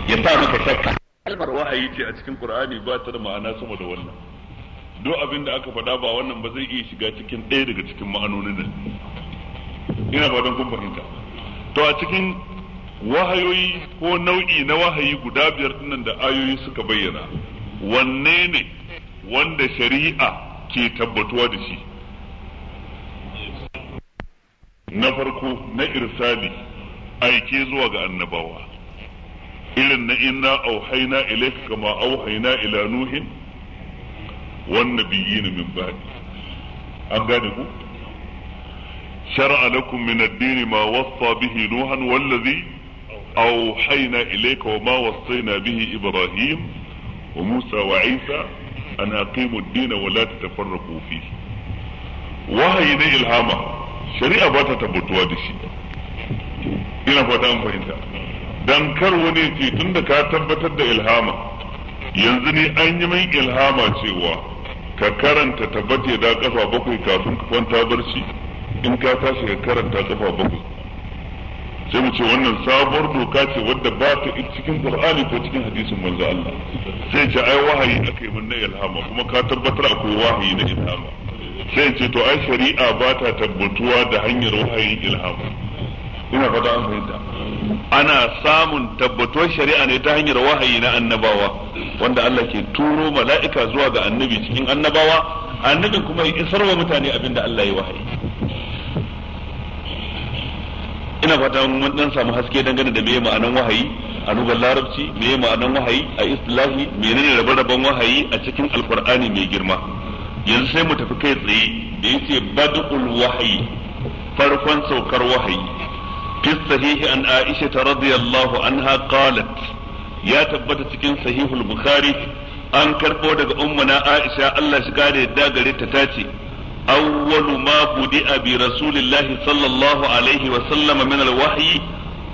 ya sa maka shakka kalmar wahayi ce a cikin Qur'ani ba ta da ma'ana sama da wannan duk abin da aka faɗa ba wannan ba zai iya shiga cikin ɗaya daga cikin ma'anonin nan ina ba don kun fahimta to a cikin wahayoyi ko nau'i na wahayi guda biyar dinnan da ayoyi suka bayyana wanne ne wanda shari'a ke tabbatuwa da shi na farko na irsali aike zuwa ga annabawa irin na inna auhaina ilaika kama auhaina ila nuhin wan nabiyyin min ba'di an gane ku shar'a lakum min ad-din ma wassa bihi nuhan wallazi auhaina ilayka wa ma wassayna bihi ibrahim wa musa wa isa an aqimu ad-din wa la tatafarraqu fihi wahayi na ilhama shari'a ba ta tabbatuwa da shi ina fata an fahimta dan kar wani ce tunda ka tabbatar da ilhama yanzu ne an yi min ilhama cewa ka karanta tabbata da kafa bakwai kafin ka kwanta barci in ka tashi ka karanta kafa bakwai sai mu ce wannan sabuwar doka ce wadda ba ta cikin qur'ani ko cikin hadisin manzo Allah sai ce ai wahayi akai mun na ilhama kuma ka tabbatar akwai wahayi na ilhama sai ce to ai shari'a ba ta tabbatuwa da hanyar wahayin ilham ina fata an fahimta ana samun tabbatuwar shari'a ne ta hanyar wahayi na annabawa wanda Allah ke turo mala'ika zuwa ga annabi cikin annabawa annabin kuma ya isar wa mutane abin da Allah ya wahayi ina fata mun dan samu haske dangane da meye ma'anan wahayi a lugar larabci meye ma'anan wahayi a istilahi menene rabe-raben wahayi a cikin alkur'ani mai girma yanzu sai mu tafi kai tsaye da yace bad'ul wahyi farkon saukar wahayi fi sahihi an aisha radiyallahu anha qalat ya tabbata cikin sahihul bukhari an karbo daga ummuna aisha Allah shi da yadda gare ta tace awwalu ma budi'a bi rasulillahi sallallahu alaihi wa sallama min alwahyi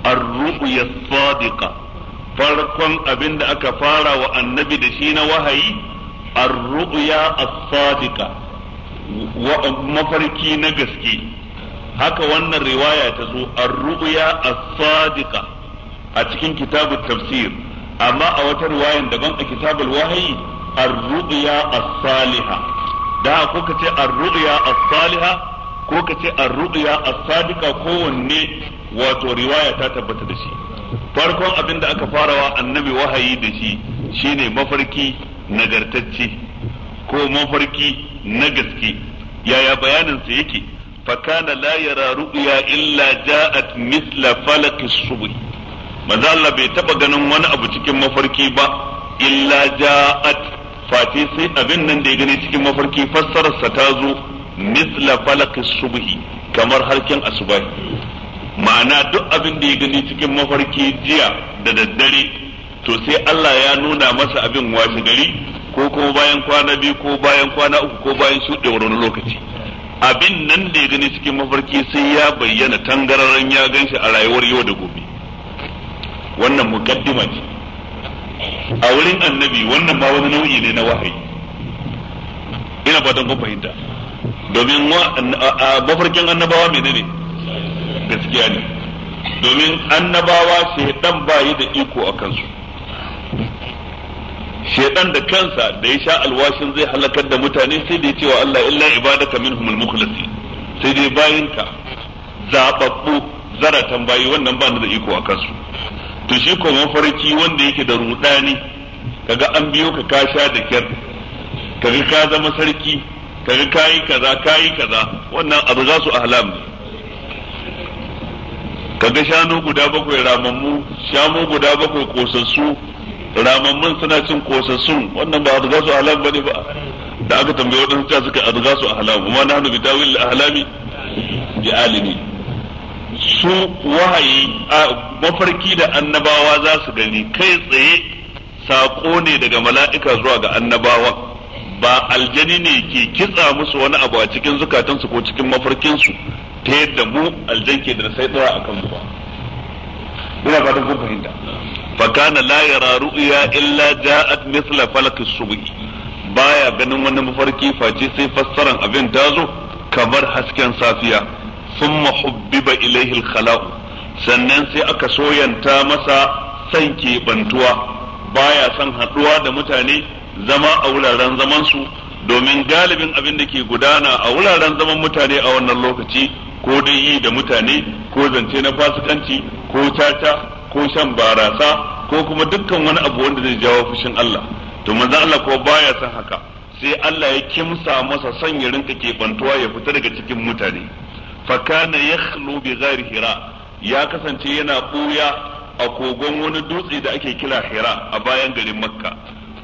ar-ru'ya as farkon abinda aka fara wa annabi da shi na wahayi ar-ru'ya as-sadiqa mafarki na gaske haka wannan riwaya ta zo ar-ru'ya as-sadiqa a cikin kitabut tafsir amma a wata riwayan daban a kitabul wahyi ar-ru'ya as-saliha da ko kace ar-ru'ya as-saliha ko kace ar-ru'ya as-sadiqa kowanne wato riwaya ta tabbata da shi farkon abin da aka farawa annabi wahayi da shi shine mafarki nagartacce ko mafarki na gaske yaya bayanin sa yake fakana la yara ru'ya illa ja'at misla falaqis subh manzo bai taba ganin wani abu cikin mafarki ba illa ja'at fati sai abin nan da ya gani cikin mafarki fassarar ta zo misla falaqis subh kamar harkin asubahi ma'ana duk abin da ya gani cikin mafarki jiya da daddare to sai Allah ya nuna masa abin washe gari ko kuma bayan kwana biyu ko bayan kwana uku ko bayan shuɗewar wani lokaci abin nan da ya gani cikin mafarki sai ya bayyana tangararren ya gan shi a rayuwar yau da gobe wannan mukaddima ce a wurin annabi wannan ba wani nau'i ne na wahayi ina fatan kun fahimta domin mafarkin annabawa mai ne gaskiya ne domin annabawa shaidan ba yi da iko a kansu shedan da kansa da ya sha alwashin zai halakar da mutane sai da ya ce wa Allah illa ibadaka minhumul mukhlasin sai dai bayinka zababbu zaratan bayi wannan ba da iko a kansu to shi ko mafarki wanda yake da rudani kaga an biyo ka ka sha da kyar kaga ka zama sarki kaga kayi kaza kayi kaza wannan abu za su ahlam ne kaga shanu guda bakwai ramammu shamu guda bakwai kosassu ramamman suna cin kosassun wannan ba adga su ahlam bane ba da aka tambaye waɗansu ta suka adga su ahlam kuma na hannu wili ahlami bi alini su wahayi mafarki da annabawa za su gani kai tsaye sako ne daga mala'ika zuwa ga annabawa ba aljani ne ke kitsa musu wani abu a cikin zukatansu ko cikin mafarkinsu ta yadda mu aljan ke da sai tsara a kanmu ba ina fatan kun fahimta fa kana la yara ru'ya illa ja mithla falak subhi baya ganin wani mafarki face sai fassaran abin tazo kamar hasken safiya thumma hubbiba ilayhi al sannan sai aka soyanta masa san bantuwa. baya son haɗuwa da mutane zama a wuraren zamansu domin galibin abin da ke gudana a wuraren zaman mutane a wannan lokaci ko dai yi da mutane ko zance na fasikanci ko tata ko shan barasa ko kuma dukkan wani abu wanda zai jawo fushin Allah to manzon Allah ko baya son haka sai Allah ya kimsa masa son ya rinka kebantuwa ya fita daga cikin mutane fa kana yakhlu bi ghairi hira ya kasance yana ɓuya a kogon wani dutse da ake kira hira a bayan garin makka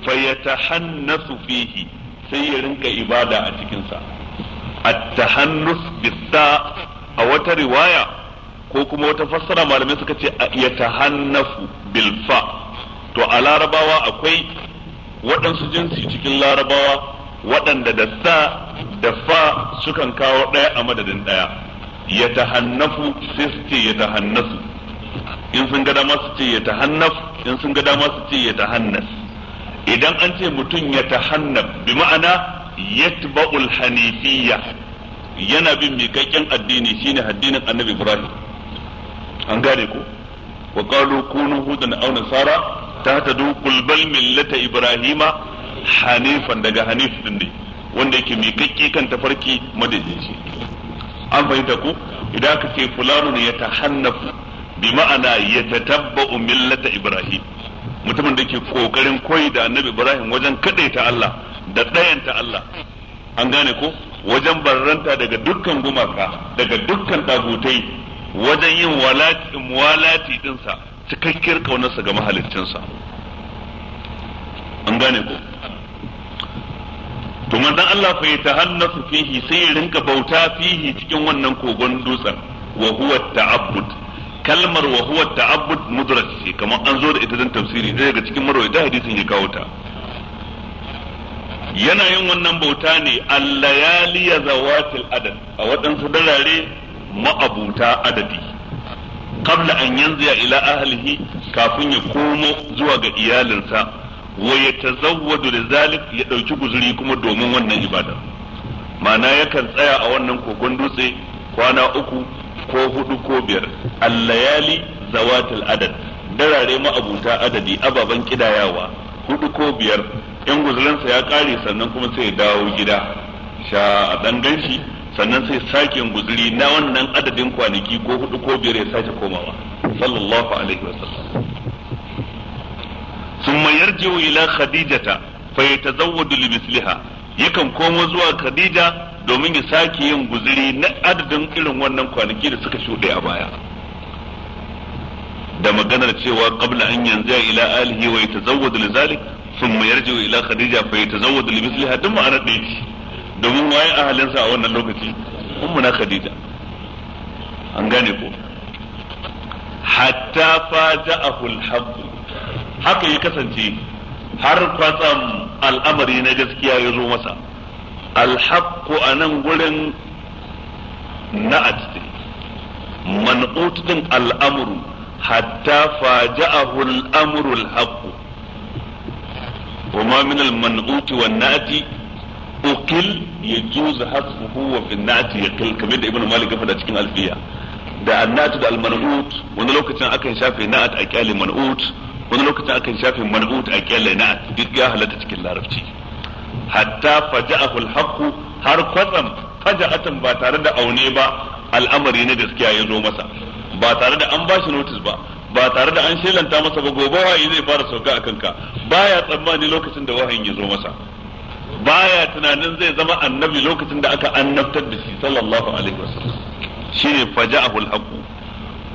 fa yatahannasu fihi sai ya rinka ibada a cikinsa. sa at-tahannus a wata riwaya ko kuma wata fassara malamai suka ce ya tahannafu bil fa to a larabawa akwai waɗansu jinsi cikin larabawa waɗanda da sa da fa sukan kawo ɗaya a madadin ɗaya ya tahannafu sai su ce ya tahannasu in sun ga dama su ce ya tahannaf in sun ga dama su ce ya tahannas idan an ce mutum ya tahannaf bi ma'ana yatba'ul hanifiyya yana bin miƙaƙƙen addini shine addinin annabi ibrahim an gane ku wa qalu kunu hudan aw nasara tahtadu qul bal millata ibrahima hanifan daga hanif din ne wanda yake miƙaƙƙi kan tafarki madaidaici an fahimta ku idan aka ce ne ya tahannafu bi ma'ana ya tatabba'u millata ibrahim mutumin da ke kokarin koyi da annabi ibrahim wajen ta Allah da ɗayanta Allah an gane ko wajen barranta daga dukkan gumaka daga dukkan dagutai wajen yin walati dinsa cikakkiyar kaunarsa ga mahaliccinsa an gane ko to dan Allah fa yatahannasu fihi sai ya rinka bauta fihi cikin wannan kogon dutsen wa huwa ta'abbud kalmar wa huwa ta'abbud mudrak ce kamar an zo da ita dan tafsiri dai daga cikin marwayi hadisin ya kawo ta yana yin wannan bauta ne al ya zawatil adad a wadansu darare ma'abuta adadi qabla an yanzu ila ahlihi kafin ya komo zuwa ga iyalinsa wa ya tazawwadu da zalik ya ɗauki guzuri kuma domin wannan ibada ma'ana yakan tsaya a wannan kogon dutse kwana uku ko hudu ko biyar allayali zawatul adad darare ma'abuta adadi ababan kidayawa hudu ko biyar in guzurinsa ya kare sannan kuma sai ya dawo gida sha a dan ganshi sannan sai sake guzuri na wannan adadin kwanaki ko hudu ko biyar ya sake komawa sallallahu alaihi wa ila ثم يرجع إلى خديجة فيتزود لمثلها yakan komo zuwa Khadija domin ya sake yin guzuri na adadin irin wannan kwanaki da suka shuɗe a baya da maganar cewa qabla an yanzu ila alihi wa yatazawwadu li zalik thumma wa ila Khadija fa yatazawwadu li mithliha duk ma'anar da yake domin waye ahalinsa a wannan lokaci ummuna khadija an gane ko hatta faja'ahu al-habb haka ya kasance har kwatsam al'amari na gaskiya ya zo masa alhaqqu anan gurin na'at man'ut din al'amru hatta faja'ahu al-amru al-haqqu وما من المنعوت والنأت ukil yajuzu hasfuhu huwa fi na'ti yaqil kamar da ibnu malik ya faɗa cikin alfiya da annatu da alman'ut wani lokacin akan shafe na'at a kyalin man'ut wani lokacin akan shafe man'ut a kyalin na'at duk ya halatta cikin larabci hatta faja'ahu alhaqu har kwatsam faja'atan ba tare da aune ba al'amari na gaskiya ya zo masa ba tare da an bashi notis ba ba tare da an shelanta masa ba gobe wahayi zai fara sauka a kanka baya tsammani lokacin da wahayin ya zo masa baya tunanin zai zama annabi lokacin da aka annabtar da shi sallallahu alaihi wasallam shine faja'ahu al-haq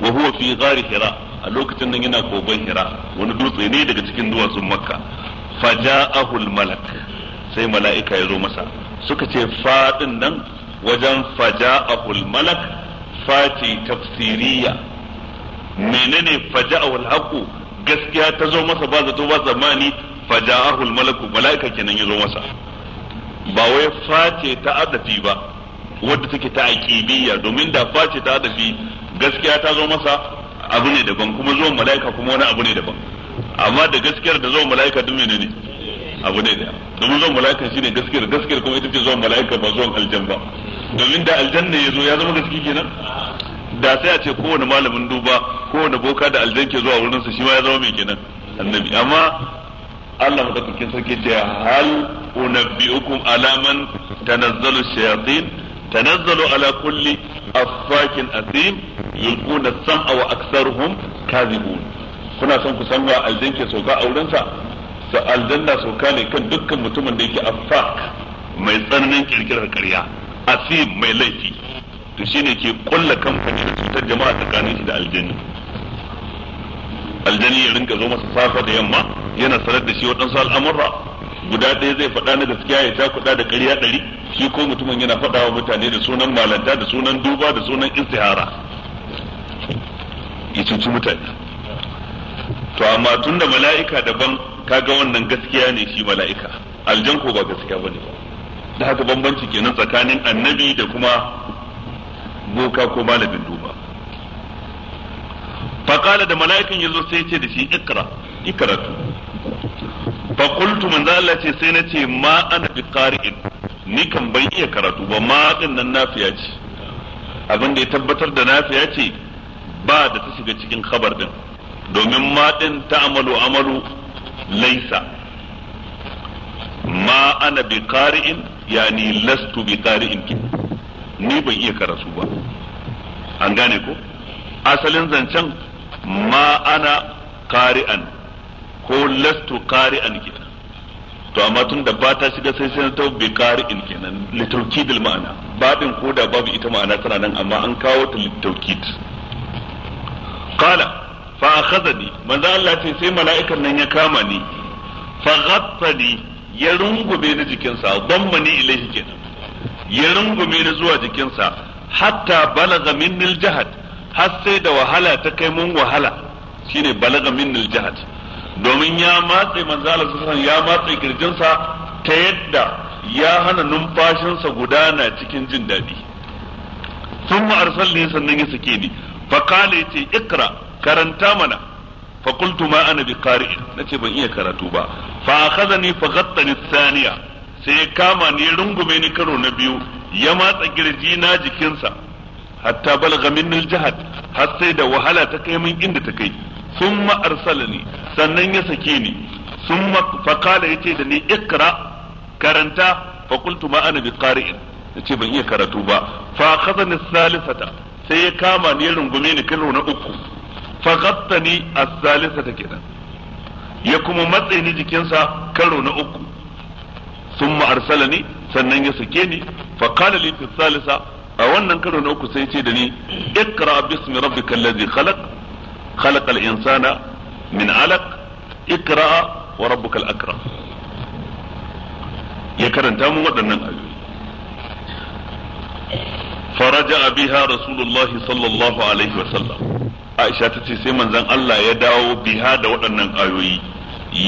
wa huwa fi hira a lokacin nan yana koban hira wani dutse ne daga cikin duwatsun makka faja'ahu al-malak sai mala'ika ya zo masa suka ce fadin nan wajen faja'ahu al-malak fati tafsiriya menene faja'ahu al-haq gaskiya ta zo masa ba zato ba zamani faja'ahu al-malaku mala'ika kenan ya zo masa ba wai face ta adafi ba wadda take ta aqibiyya domin da face ta adafi gaskiya ta zo masa abu ne daban kuma zuwan mala'ika kuma wani abu ne daban amma da gaskiyar da zuwan mala'ika duk ne abu ne daya domin zuwan mala'ika shine gaskiyar gaskiyar kuma ita ce zuwan mala'ika ba zuwan aljan ba domin da aljanna ya zo ya zama gaskiya kenan da sai a ce kowane malamin duba kowane boka da aljan ke zuwa wurinsa shi ma ya zama mai kenan annabi amma Allah madaukakin sarki ce hal unabbi'ukum ala man tanazzalu shayatin tanazzalu ala kulli affakin asim yulquna sam'a wa aktsaruhum kuna son ku san wa aljan ke sauka a wurinsa sa sa na sauka ne kan dukkan mutumin da yake fak mai tsananin kirkirar ƙarya asim mai laifi to shine ke kulla kamfani da cutar jama'a tsakanin shi da aljanni aljani ya ringa zo masa safa da yamma yana sanar da shi waɗansu al'amurra guda ɗaya zai faɗa na gaskiya ya takuɗa da ƙarya ɗari shi ko mutumin yana faɗa wa mutane da sunan malanta da sunan duba da sunan istihara ya cuci mutane to amma tun da mala'ika daban kaga wannan gaskiya ne shi mala'ika aljan ko ba gaskiya ba ba da haka bambanci kenan tsakanin annabi da kuma boka ko malamin duba faƙala da mala'ikan yazo sai ce da shi ikra ikratu fa qultu manzo Allah ce sai na ce ma ana bi qari'in ni kan ban iya karatu ba ma din nan nafiya ce abin da ya tabbatar da nafiya ce ba da ta shiga cikin khabar din domin ma din ta amalu amalu laisa ma ana bi qari'in yani lastu bi qari'in ni ban iya karatu ba an gane ko asalin zancen ma ana qari'an ko lastu qari'an kenan to amma tun da ba ta shiga sai sai ta bi in kenan litaukidil ma'ana babin koda babu ita ma'ana tana nan amma an kawo ta litaukid qala fa akhadhani manzo Allah ce sai mala'ikan nan ya kama ni fa ghaffani ya rungume ni jikinsa dammani ilaihi kenan ya rungume ni zuwa jikinsa hatta balaga minnil jahad har sai da wahala ta kai mun wahala shine balaga minnil jahad domin ya matse manzala sallallahu ya matse kirjinsa ta yadda ya hana numfashinsa gudana cikin jin daɗi sun ne sannan ya sake ni fa kale yace ikra karanta mana fa qultu ma ana bi Na nace ban iya karatu ba fa akhadhani fa ghattani thaniya sai ya kama ni ya rungume ni karo na biyu ya matsa kirji na jikinsa hatta balaga min har sai da wahala ta kai min inda ta kai summa arsalani sannan ya sake ni summa faqala yace da ni ikra karanta fa qultu ma ana biqari'in yace ban iya karatu ba fa akhadhani salisata sai ya kama ni ya rungume ni karo na uku fa ghattani as-salisata kenan ya kuma matse ni jikinsa karo na uku summa arsalani sannan ya sake ni fa qala li fi salisa a wannan karo na uku sai ya ce da ni ikra bismi rabbikal ladhi khalaq خلق الإنسان من علق اقرأ وربك الأكرم يكرن تامو ودنن فرجع بها رسول الله صلى الله عليه وسلم عائشة تتسي من زن الله يدعو بها دا ودنن آيوي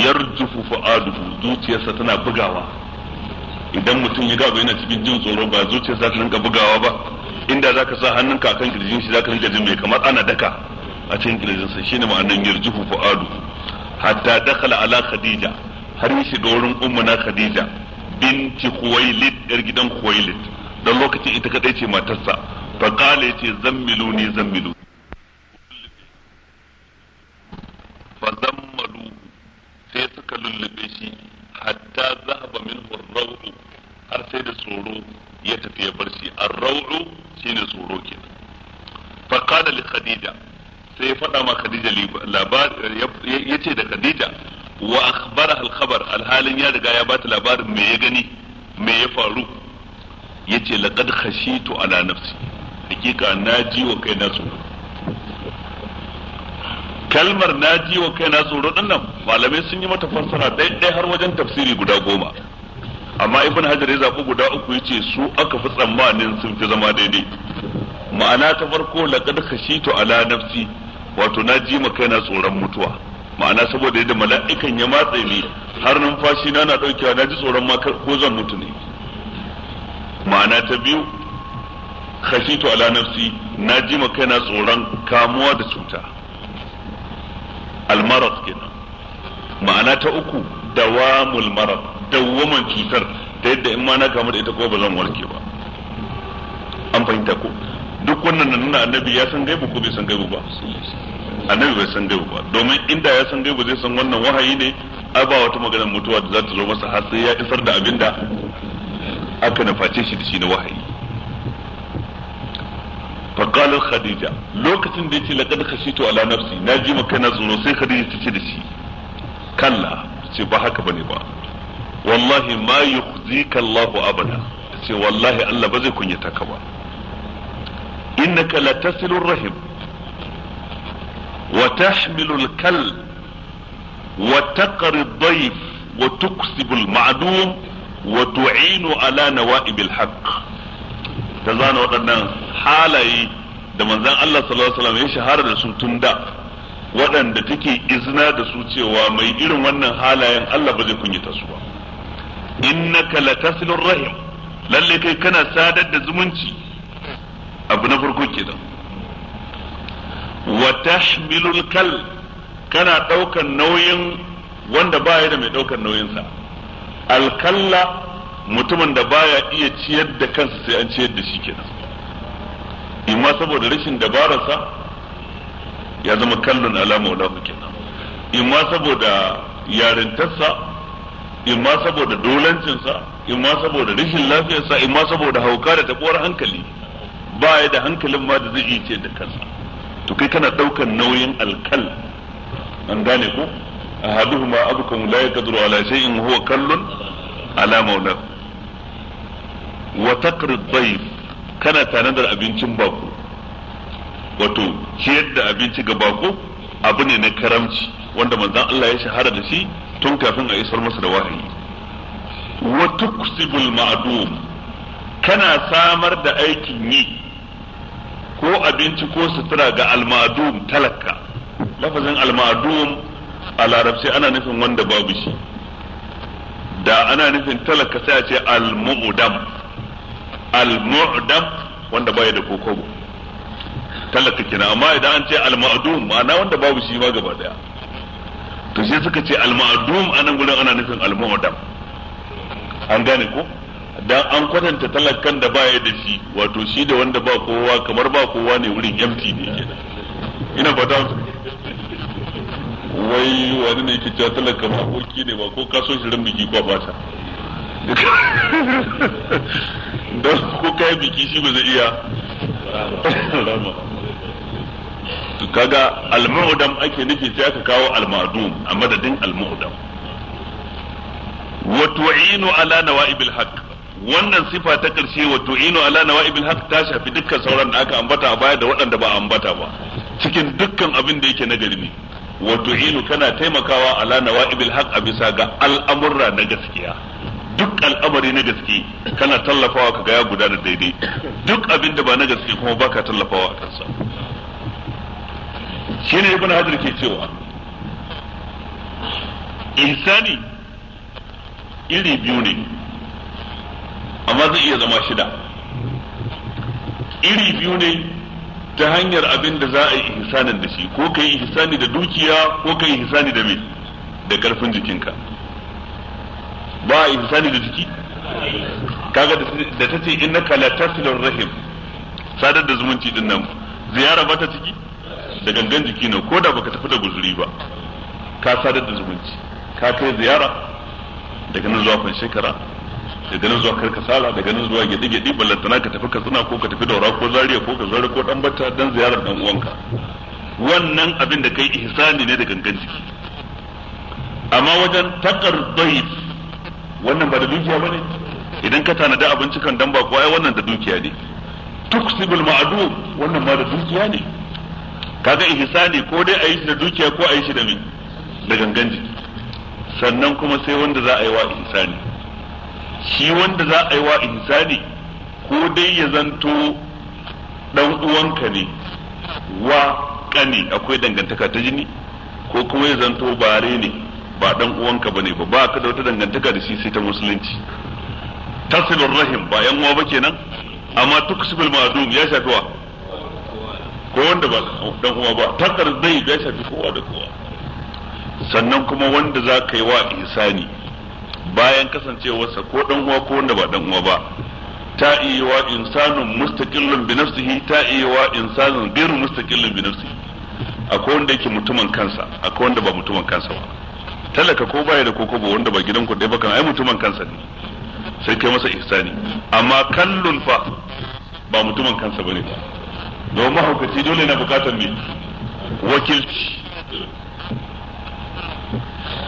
يرجف فؤاده دوتي ستنا بغاوة idan mutum ya gaba yana cikin jin tsoro ba zuciyarsa ta rinka bugawa ba inda zaka sa hannunka kan kirjin shi zaka rinka jin mai kamar ana daka a cikin sa shine ma'anan yarjuhu fu'adu hatta dakhala ala khadija har yi shiga wurin ummuna khadija binti khuwailid yar gidan khuwailid dan lokacin ita kadai ce matarsa fa qala yace zammiluni zammilu fa zammalu sai suka lullube shi hatta zahaba minhu ar-raw'u har sai da tsoro ya tafi ya bar shi ar-raw'u shine tsoro kenan fa qala li khadija sai ya faɗa ma Khadija labarin ya ce da Khadija wa akhbara al-khabar alhalin ya riga ya bata labarin me ya gani me ya faru yace laqad khashitu ala nafsi hakika na ji wa na tsoro kalmar na ji wa na tsoro din nan malamai sun yi mata fassara daidai har wajen tafsiri guda goma amma ibn hajar ya guda uku yace su aka fi tsammanin sun fi zama daidai ma'ana ta farko laqad khashitu ala nafsi wato na ji ma kaina tsoron mutuwa ma'ana saboda yadda mala'ikan ya matse ni har numfashi na na daukewa na ji tsoron ma ko zan mutu ne ma'ana ta biyu khashitu ala nafsi na ji ma kaina tsoron kamuwa da cuta almarad kenan ma'ana ta uku dawamul marad dawwaman cutar ta yadda in ma na kamu da ita ko ba zan warke ba an fahimta ko duk wannan na nuna annabi ya san gaibu ko bai san gaibu ba annabi bai san gaibu ba domin inda ya san gaibu zai san wannan wahayi ne ai ba wata maganar mutuwa da za ta zo masa har sai ya isar da abin da aka nuface shi da shi na wahayi faqalat khadija lokacin da yace to a ala nafsi naji maka na tsoro sai khadija ta ce da shi kalla ce ba haka bane ba wallahi ma yukhzika Allahu abada ce wallahi Allah ba zai kunyata ka ba انك لتصل الرحم وتحمل الكلب وتقري الضيف وتكسب المعدوم وتعين على نوائب الحق تزان waɗannan halaye da manzon Allah sallallahu alaihi wasallam ya shahara da su tun da waɗanda take izina da su cewa mai irin wannan halayen Allah ba zai kunyata su ba innaka latasilur rahim lalle kai kana sadar da zumunci abu na farko da wata tahmilul kal kana daukan nauyin wanda ba ya da mai daukan nauyinsa alkalla mutumin da baya iya ciyar da kansa sai an ciyar da shi kenan imma saboda rashin dabararsa ya zama kallon alama wala kenan imma saboda yarintarsa imma saboda dolancinsa imma saboda rashin lafiyarsa imma saboda hauka da tabuwar hankali baya da hankalin ma da zai iya ce da kansa to kai kana ɗaukar nauyin alkal an gane ko ahaduhuma abukum la yaqdiru ala shay'in huwa kallun ala maula wa taqri dayf kana tanadar abincin bako wato ciyar da abinci ga bako abu ne na karamci wanda manzon Allah ya shahara da shi tun kafin a isar masa da wahayi wa tuksibul ma'dum kana samar da aikin yi ko abinci ko sutura ga almadum talaka lafazin almadum a larabci ana nufin wanda babu shi da ana nufin talaka sai a ce almu'dam almu'dam wanda baya da kokobo talaka kina amma idan an ce almadum ma'ana wanda babu shi ma gaba daya to sai suka ce almadum anan gurin ana nufin almu'dam an gane ko dan an kwatanta talakan da baya da shi wato shi da wanda ba kowa kamar ba kowa ne wurin empty ne ina fata wai wani ne yake cewa talaka ma aboki ne ba ko kaso shi ran biki ko ta. [LAUGHS] dan ko kai biki shi ba zai iya kaga al-mu'dam ake nufi sai aka kawo al-ma'dum a madadin al-mu'dam wa tu'inu ala nawa'ibil haqq wannan sifa ta ƙarshe wato tu'inu ala wa'ibin haka ta shafi dukkan sauran da aka ambata a baya da waɗanda ba ambata ba cikin dukkan abin da yake nagari ne wa tu'inu kana taimakawa ala haka a bisa ga al'amurra na gaskiya duk al'amari na gaske kana tallafawa ka guda gudana daidai duk abin da ba na gaske kuma baka tallafawa a kansa shine ibn hajar ke cewa insani iri biyu ne amma zai iya zama shida iri biyu ne ta hanyar abin da za a yi ihsanin da shi ko kai ihsani da dukiya ko kai ihsani da me da karfin jikinka ba a ihsani da jiki kaga da ta ce innaka la tasilur rahim sadar da zumunci din nan ziyara ba ta ciki da gangan jiki ne ko da baka tafi da guzuri ba ka sadar da zumunci ka kai ziyara daga nan zuwa kan shekara daga nan zuwa karkasara daga nan zuwa gidi gidi ballantana ka tafi katsina ko ka tafi daura ko zariya ko ka zari ko dan bata dan ziyarar dan uwanka wannan abin da kai ihsani ne da gangan jiki amma wajen takar daif wannan ba da dukiya bane idan ka tanada abinci kan dan ba ai wannan da dukiya ne tuksibul ma'adu wannan ma da dukiya ne kaga ihsani ko dai a yi shi da dukiya ko a yi shi da me da gangan jiki sannan kuma sai wanda za a yi wa ihsani shi wanda za a yi wa insani ko dai ya zanto dan uwanka ne wa kani akwai dangantaka ta jini ko kuma ya zanto bare ne ba dan uwanka bane ba ba ka da wata dangantaka da shi sai ta musulunci tasilur rahim ba yan uwa ba kenan amma tuksibul ma'dum ya shafi wa ko wanda ba dan uwa ba takar zai ya shafi kowa da kowa sannan kuma wanda za ka yi wa insani bayan kasancewarsa ko dan uwa ko wanda ba dan uwa ba ta iya insanun mustaqillun bi nafsihi ta iya insanun ghairu mustaqillun bi nafsihi akwai wanda yake mutumin kansa akwai wanda ba mutumin kansa ba talaka ko baya da koko ba wanda ba gidan ku dai ba kan ai mutumin kansa ne sai kai masa ihsani amma kallun fa ba mutumin kansa bane ba don mahaukaci dole na bukatar me wakilci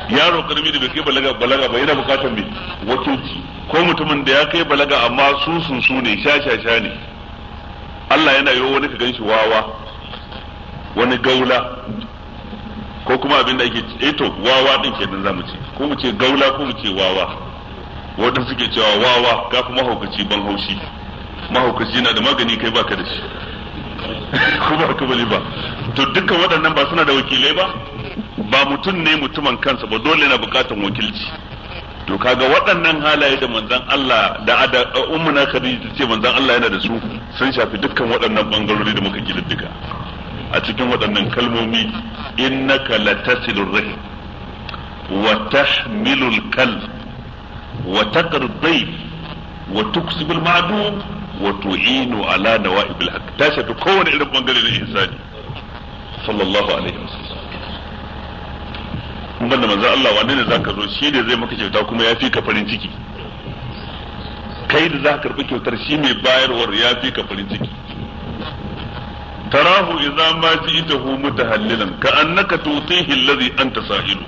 yaro karami da bai kai balaga balaga ba yana bukatar mai wakilci ko mutumin da ya kai balaga amma susun su ne sha sha sha ne Allah yana yiwo wani ka ganshi wawa wani gaula ko kuma abin da ake eto eh wawa din kenan zamu ce ko mu ce gaula ko mu ce wawa wanda suke cewa wawa ga kuma mahaukaci ban haushi mahaukaci na da magani kai baka da shi [LAUGHS] ko ba ka ba to dukkan waɗannan ba suna da wakilai ba ba mutum ne mutumin kansa ba dole na bukatan wakilci to kaga waɗannan halaye da manzon Allah da da ummuna Khadija ce manzon Allah yana da su sun shafi dukkan waɗannan bangarori da muka duka a cikin waɗannan kalmomi innaka latasilur rih wa tahmilul kal wa taqri wa tuksibul ma'dum wa tu'inu ala nawa'ibil haqq ta shafi kowane irin bangare na ihsani sallallahu alaihi wasallam banda manzo Allah wanne ne zaka zo shi ne zai maka kyauta kuma ya fi ka farin ciki kai da zaka karbi kyautar shi mai bayarwar ya fi ka farin ciki tarahu idza ma ji'tahu mutahallilan ka annaka tutihi alladhi anta sa'ilu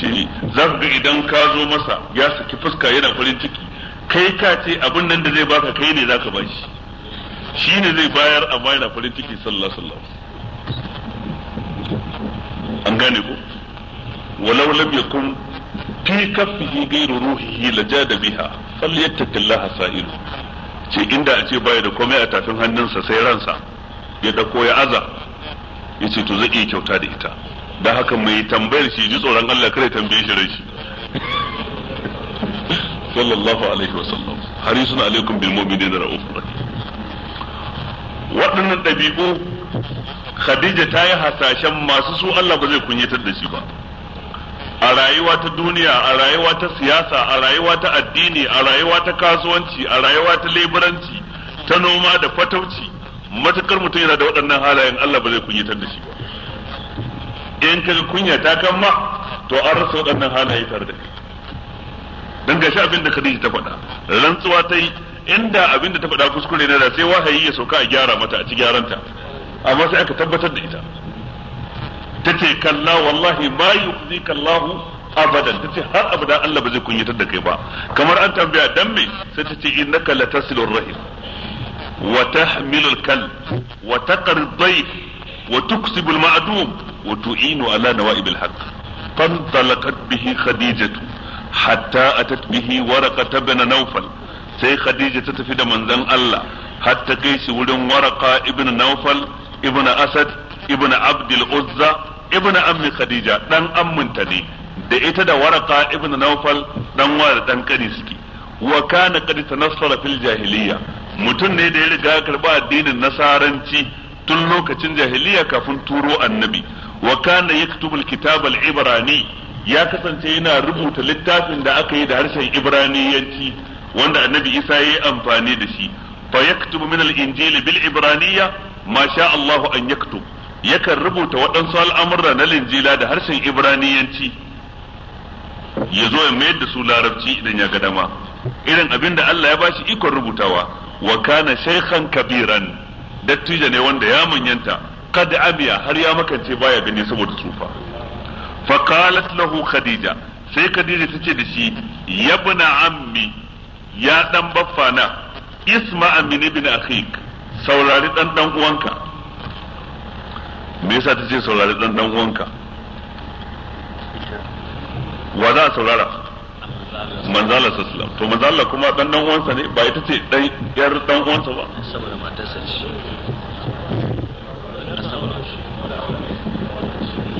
shi zaka ga idan ka zo masa ya saki fuska yana farin ciki kai ka ce abin nan da zai baka kai ne zaka bashi shi ne zai bayar amma yana farin ciki sallallahu alaihi an gane ko walau lam yakun fi kaffihi ghayru ruhihi jada biha falyattaqillaha sa'ilu ce inda a ce baya da komai a tafin hannunsa sai ransa ya dauko ya aza yace to zai iya kyauta da ita dan haka mai tambayar shi ji tsoron Allah kare tambaye shi rai sallallahu alaihi wasallam harisun alaikum bil mu'minina ra'ufur rahim waɗannan ɗabi'u Khadija ta yi hasashen masu su Allah ba zai kunyatar da shi ba a rayuwa ta duniya a rayuwa ta siyasa a rayuwa ta addini a rayuwa ta kasuwanci a rayuwa ta leburanci ta noma da fatauci matukar mutum yana da waɗannan halayen Allah ba zai kunyatar da shi ba in kaga kunya ta kan ma to an rasa waɗannan halaye tare da kai dan gashi abin da Khadija ta faɗa rantsuwa ta yi inda abin da ta faɗa kuskure ne da sai wahayi ya sauka a gyara mata a ci gyaranta amma sai aka tabbatar da ita tace kalla wallahi ma yukhzika Allah abadan tace har abada Allah ba zai kunyatar da kai ba kamar an tambaya dan me sai tace innaka latasilur rahim wa tahmilul kal wa taqri dhayf wa tuksibu ma'dum wa tu'inu ala nawaibil haqq فانطلقت bihi Khadijatu. hatta atat bihi waraqata bin nawfal sai khadija ta tafi da manzon Allah hatta ta kai shi wurin waraka ibn nawfal ibn asad ibn abdul uzza ibn ammi khadija dan amminta ne da ita da waraka ibn nawfal dan wa da dan kani suke wa kana qad tanassara fil mutum ne da ya riga ya karba addinin nasaranci tun lokacin jahiliya kafin turo annabi wa kana yaktubu al ibrani ya kasance yana rubuta littafin da aka yi da harshen ibraniyanci wanda annabi isa ya yi amfani da shi fa yaktubu min al-injil bil ibraniyya ma sha Allah an yaktub yakan rubuta waɗansu al'amurra na linjila da harshen ibraniyanci ya zo ya mayar da su larabci idan ya ga dama irin abin da Allah ya bashi ikon rubutawa wa kana shaykhan kabiran dattijo ne wanda ya manyanta kada amiya har ya makance baya gani saboda tsufa فقالت له khadija sai khadija ta ce da shi yabna ammi ya dan baffana isma min ibn akhik saurari dan dan uwanka a to manzala kuma dan dan uwansa ne ba ita ce dan yar dan uwansa ba saboda matarsa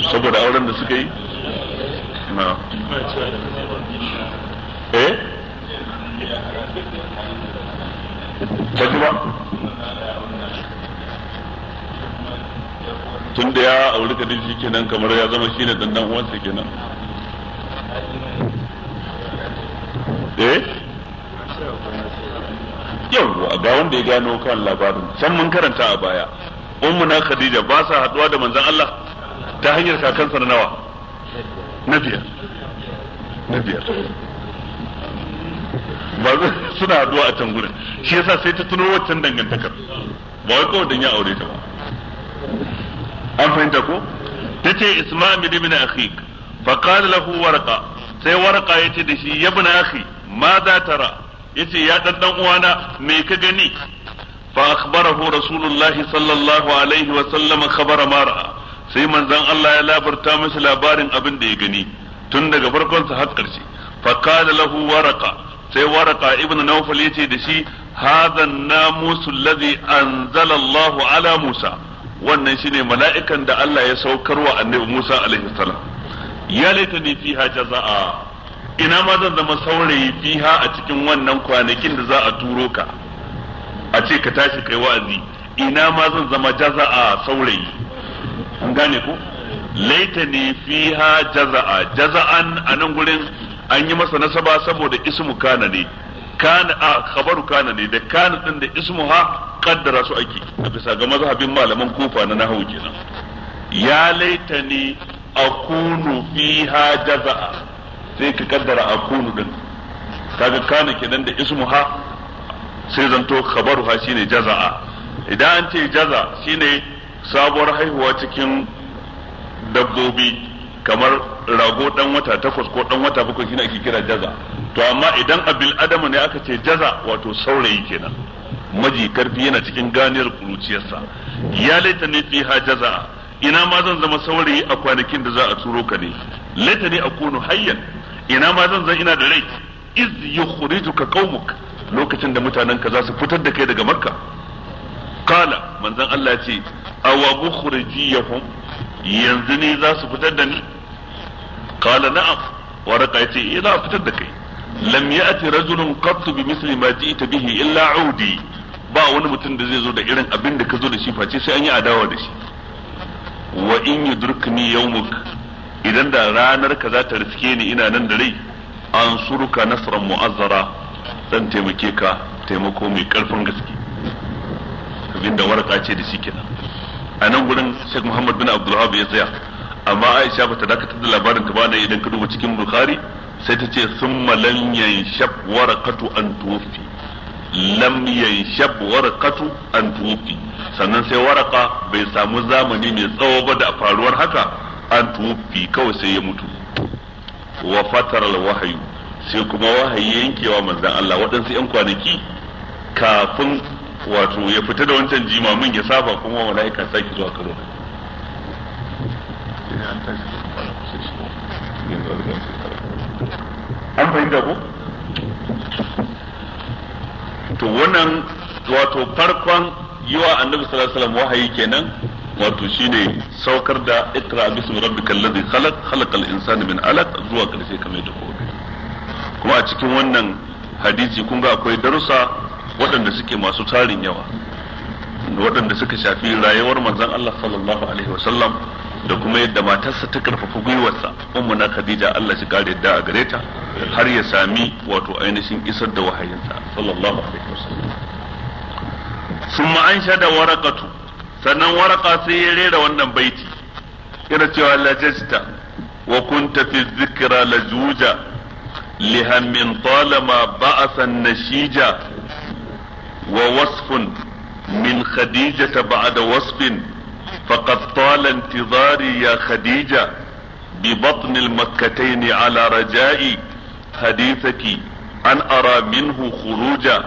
saboda auren da suka yi na eh kaji ba tun da ya auri ka shi kenan kamar ya zama shine dan dan uwansa kenan eh yau ga wanda ya gano kan labarin can mun karanta a baya ummuna khadija ba sa haduwa da manzon Allah ta hanyar kakansa na nawa na biyar na biyar ba suna addu'a a can gurin shi yasa sai ta tuno waccan dangantakar ba wai kawai dan ya aure ta ba an fahimta ko ta ce isma'il ibn akhi fa qala lahu warqa sai warqa yace da shi ya ibn akhi ma za tara yace ya dan dan uwana me ka gani fa akhbarahu rasulullahi sallallahu alaihi wa sallam khabara ma ra'a sai manzon Allah ya labarta masa labarin abin da ya gani tun daga farkon sa har karshe fa kana lahu waraka sai waraka ibnu nawfal yace da shi hadha an-namus alladhi anzala Allah ala Musa wannan shine mala'ikan da Allah ya saukar wa annabi Musa alaihi salam ya laitani fiha jazaa ina ma zan zama saurayi fiha a cikin wannan kwanakin da za a turo ka a ce ka tashi kai wa'azi ina ma zan zama jaza'a saurayi an gane ku Laita ni fiha jaza'a jaza'an a nan gurin an yi masa nasaba saboda ismu kana ne kana a khabaru kana ne da kana din da ismu ha kaddara su ake a bisa ga mazhabin malaman kufa na nahawu kenan ya laitani akunu fiha jaza'a sai ka kaddara akunu din kaga kana kenan da ismu ha sai zanto khabaru ha shine jaza'a idan an ce jaza shine sabuwar haihuwa cikin dabbobi kamar rago dan wata takwas ko dan wata bakwai shine ake kira jaza to amma idan abil adamu ne aka ce jaza wato saurayi kenan maji karfi yana cikin ganiyar kuruciyarsa ya laita ne ha jaza ina ma zan zama saurayi a kwanakin da za a turo ka ne laita ne a kunu hayyan ina ma zan zan ina da rai iz yukhrijuka qaumuk lokacin da mutanen ka za su fitar da kai daga makka kala manzon Allah ya ce ya mukhrijiyahum yanzu ne za su fitar da ni qala na'am warqa ce, eh za fitar da kai lam ya'ti rajulun qattu bi misli ma ji'ta bihi illa audi ba wani mutum da zai zo da irin abin da ka zo da shi face sai an yi adawa da shi wa in yudrikni yawmuk idan da ranar ka za ta riske ni ina nan da rai an suruka nasran mu'azzara zan taimake ka taimako mai karfin gaske abinda waraka ce da shi kenan a nan gurin Sheikh Muhammad bin Abdul Wahab ya tsaya amma Aisha bata dakatar da labarin ta bane idan ka duba cikin Bukhari sai ta ce summa lam yanshab warqatu an tuwfi lam yanshab warqatu an tuwfi sannan sai waraka bai samu zamani mai tsawo ba da faruwar haka an tuwfi kawai sai ya mutu wa fataral sai kuma wahayi yankewa manzon Allah waɗansu 'yan kwanaki kafin wato ya fita da wancan jimamin ya saba kuma mala'ika sake zuwa karo an fahimta ko to wannan wato farkon yiwa annabi sallallahu alaihi wahayi kenan wato shine saukar da ikra bismi rabbikal ladhi khalaq khalaqal insana min alaq zuwa karshe kamar da kuma a cikin wannan hadisi kun ga akwai darussa waɗanda suke masu tarin yawa waɗanda suka shafi rayuwar manzon Allah sallallahu alaihi wasallam da kuma yadda matarsa ta karfafa gwiwarsa ummuna Khadija Allah shi kare yadda a gare ta har ya sami wato ainihin isar da wahayinsa sallallahu alaihi wasallam summa an shada waraqatu sannan waraka sai ya rera wannan baiti yana cewa lajista wa kunta fi dhikra lajuja lihammin talama ba'asan nashija ووصف من خديجة بعد وصف فقد طال انتظاري يا خديجة ببطن المكتين على رجائي حديثك أن أرى منه خروجا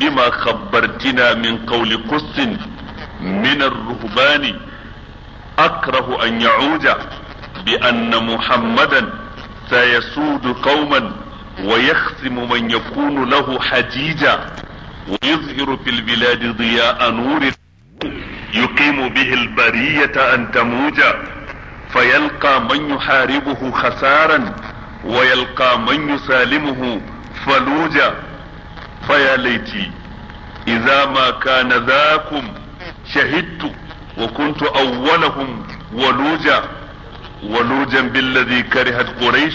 بما خبرتنا من قول قس من الرهبان أكره أن يعود بأن محمدا سيسود قوما ويخصم من يكون له حجيجا ويظهر في البلاد ضياء نور يقيم به البرية أن تموج فيلقى من يحاربه خسارا ويلقى من يسالمه فلوجا فيا ليتي إذا ما كان ذاكم شهدت وكنت أولهم ولوجا ولوجا بالذي كرهت قريش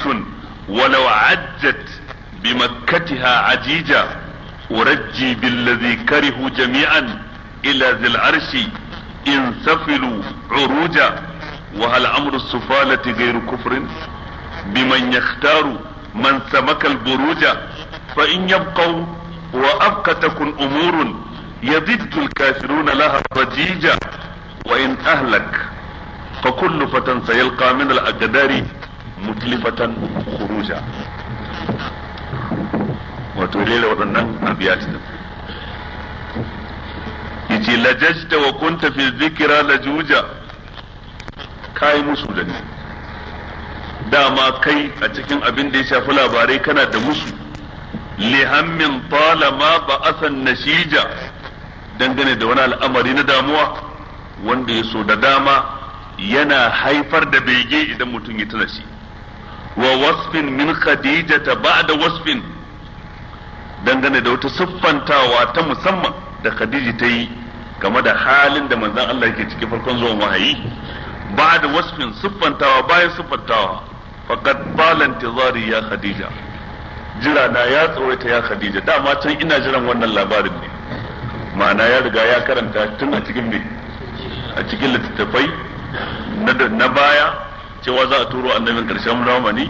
ولو عجت بمكتها عجيجا أرجي بالذي كرهوا جميعا إلى ذي العرش انسفلوا عروجا وهل أمر السفالة غير كفر بمن يختار من سمك البروج فإن يبقوا وأبقى تكن أمور يضد الكافرون لها ضجيجا وإن أهلك فكل فتى سيلقى من الأقدار متلفة خروجا wato lila waɗannan abiyat din yace lajajta wa kunta fi dhikra lajuja kai musu da ni dama kai a cikin abin da ya shafi labarai kana da musu lihammin talama na nashija dangane da wani al'amari na damuwa wanda ya so da dama yana haifar da bege idan mutum ya tana shi wa wasfin min khadija ta ba da wasfin dangane da wata siffantawa ta musamman da Khadija ta yi game da halin da manzon Allah yake ciki farkon zuwan wahayi ba da wasfin siffantawa bayan siffantawa faqad bala intizari ya Khadija jira na ya tsorata ya Khadija dama can ina jiran wannan labarin ne ma'ana ya riga ya karanta tun a cikin ne a cikin littattafai na baya cewa za a turo annabin karshen ramani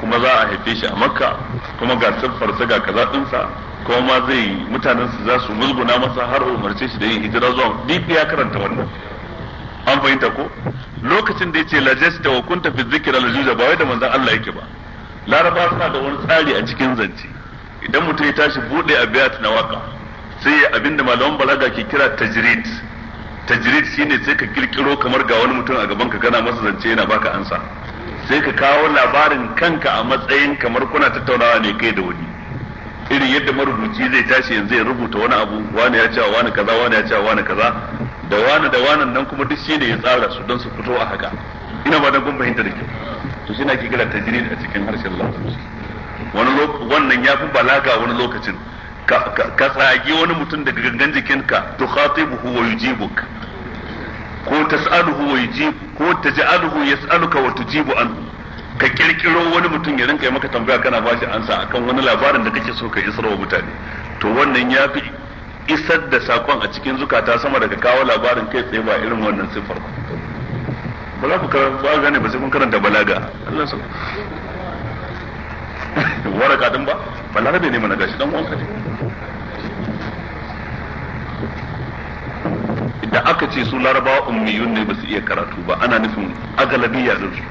kuma za a haife shi a makka kuma ga siffarsa ga kaza dinsa kuma ma zai mutanen su za su musguna masa har umarce shi da yin hijira zuwa duk ya karanta wannan an fahimta ko lokacin da yace lajas da wa kunta fi zikra ba wai da manzon Allah yake ba laraba suna da wani tsari a cikin zance idan mutum ya tashi bude abiyat na waka sai ya abinda malaman balaga ke kira tajrid tajrid shine sai ka kirkiro kamar ga wani mutum a gaban ka gana masa zance yana baka ansa sai ka kawo labarin kanka a matsayin kamar kuna tattaunawa ne kai da wani irin yadda marubuci zai tashi yanzu ya rubuta wani abu wani ya cewa wani kaza wani ya cewa wani kaza da wani da wani nan kuma duk shi ne ya tsara su don su fito a haka ina ba dan gumbahin da kyau to shi na ke kira tajrid a cikin harshen larabci wani wannan ya fi balaga wani lokacin ka tsagi wani mutum daga gangan jikinka to khatibuhu wa yujibuk ko tas'aluhu wa yujib ko taj'aluhu yas'aluka wa tujibu an ka kirkiro wani mutum ya rinka maka tambaya kana bashi ansa akan wani labarin da kake so ka isar wa mutane to wannan ya fi isar da sakon a cikin zukata sama daga kawo labarin kai tsaye ba irin wannan siffar ba za ku ba gane ba sai kun karanta balaga Allah sa [LAUGHS] waraka din ba balaga ne mana gashi dan uwan ka da aka ce su larabawa ummiyun ne ba su iya karatu ba ana nufin agalabiya da su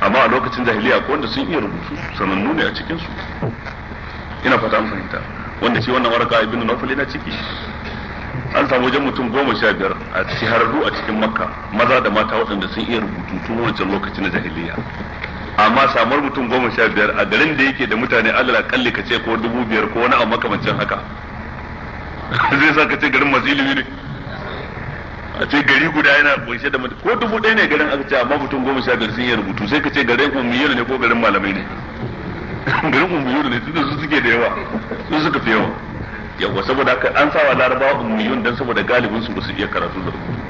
amma a lokacin jahiliya ko wanda sun iya rubutu sanannu ne a cikin su ina fata an fahimta wanda shi wannan waraka ibn nawfal na ciki an samu wajen mutum goma sha biyar a shahararru a cikin makka maza da mata waɗanda sun iya rubutu tun wancan lokacin na jahiliya amma samar mutum goma sha biyar a garin da yake da mutane alal kalli ka ce ko dubu biyar ko wani abu makamancin haka [LAUGHS] zai sa ka ce garin masu ilimi ne a ce gari guda yana kunshe da ko dubu ɗaya ne garin aka ce amma mutum goma sha biyar sun yi rubutu sai ka ce garin ummiyar ne ko garin malamai ne [LAUGHS] garin ummiyar ne tunda su suke da yawa su suka fi yawa yawa saboda haka an sawa larabawa ummiyun dan saboda galibin su ba su iya karatu da rubutu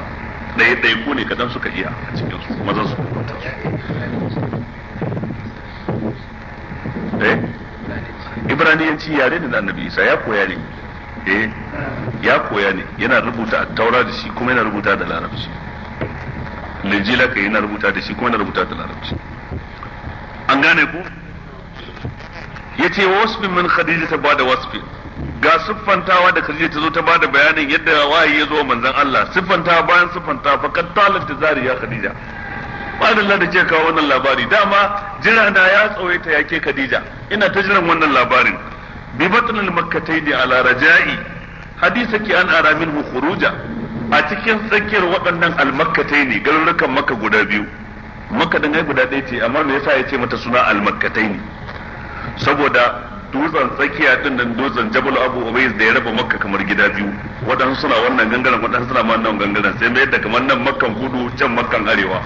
ba ɗaya ɗaya ko ne kaɗan suka iya a cikin su kuma su rubuta eh yanci yare ne da annabi isa ya koya ne eh ya koya ne yana rubuta taura da shi kuma yana rubuta da larabci lijila kai yana rubuta da shi kuma yana rubuta da larabci an gane ku Ya ce wasfin min khadija ta bada wasfin ga siffantawa da khadija ta zo ta bada bayanin yadda wahayi ya zo manzon Allah siffantawa bayan siffantawa faqad talat zariya khadija Allah da ke kawo wannan labari dama jira na ya tsawaita yake Khadija ina ta jiran wannan labarin bi batnil makkataini ala raja'i hadisa ki an ara minhu khuruja a cikin tsakiyar waɗannan almakkataini garurukan makka guda biyu makka dan guda ɗaya ce amma me yasa yace mata suna almakkataini saboda dutsen tsakiya din nan dutsen Jabal Abu Ubayd da ya raba Makka kamar gida biyu wadannan suna wannan gangaren waɗansu suna ma wannan gangaren sai mai da kamar nan Makkan kudu can Makkan arewa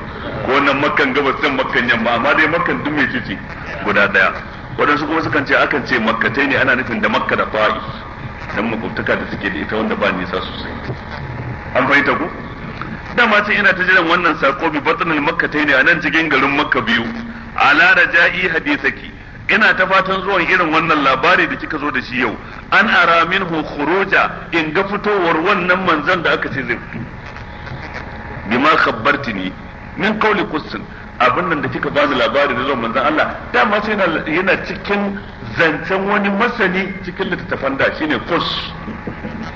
ko nan Makkan gabas can Makkan yamma amma dai Makkan dume mai ciki guda daya waɗansu kuma sukan ce akan ce makkatai ne ana nufin da makka da fa'i dan makwabtaka da suke da ita wanda ba nisa sosai an fahimta ku dama ce ina ta jiran wannan sako bi batnal makkatai ne a nan cikin garin makka biyu ala raja'i hadisaki ina ta fatan zuwan irin wannan labari da kika zo da shi yau an ara minhu khuruja in ga fitowar wannan manzon da aka ce zai fito bima khabbartini min qawli qussin abin nan da kika ba bani labari da zuwan manzon Allah dama sai yana cikin zancen wani masani cikin littattafan da shine kurs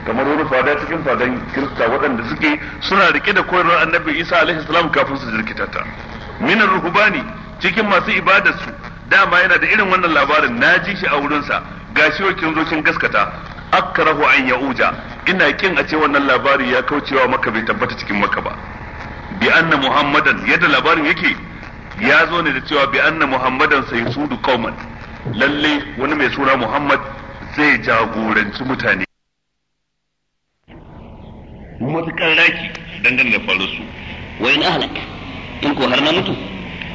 kamar wani fada cikin fadan kirista waɗanda suke suna rike da koyarwar annabi isa alaihi salam kafin su jirkita ta minar ruhubani cikin masu ibadarsu dama yana da irin wannan labarin na ji shi a wurinsa gashi wakin zo kin gaskata akrahu an ya'uja ina kin a ce wannan labari ya kaucewa maka bai tabbata cikin maka ba bi anna muhammadan yadda labarin yake ya zo ne da cewa bi anna muhammadan sai sudu qauman lalle wani mai suna muhammad zai jagoranci mutane kan raki dangane da faru su wa in ahlak in ko har na mutu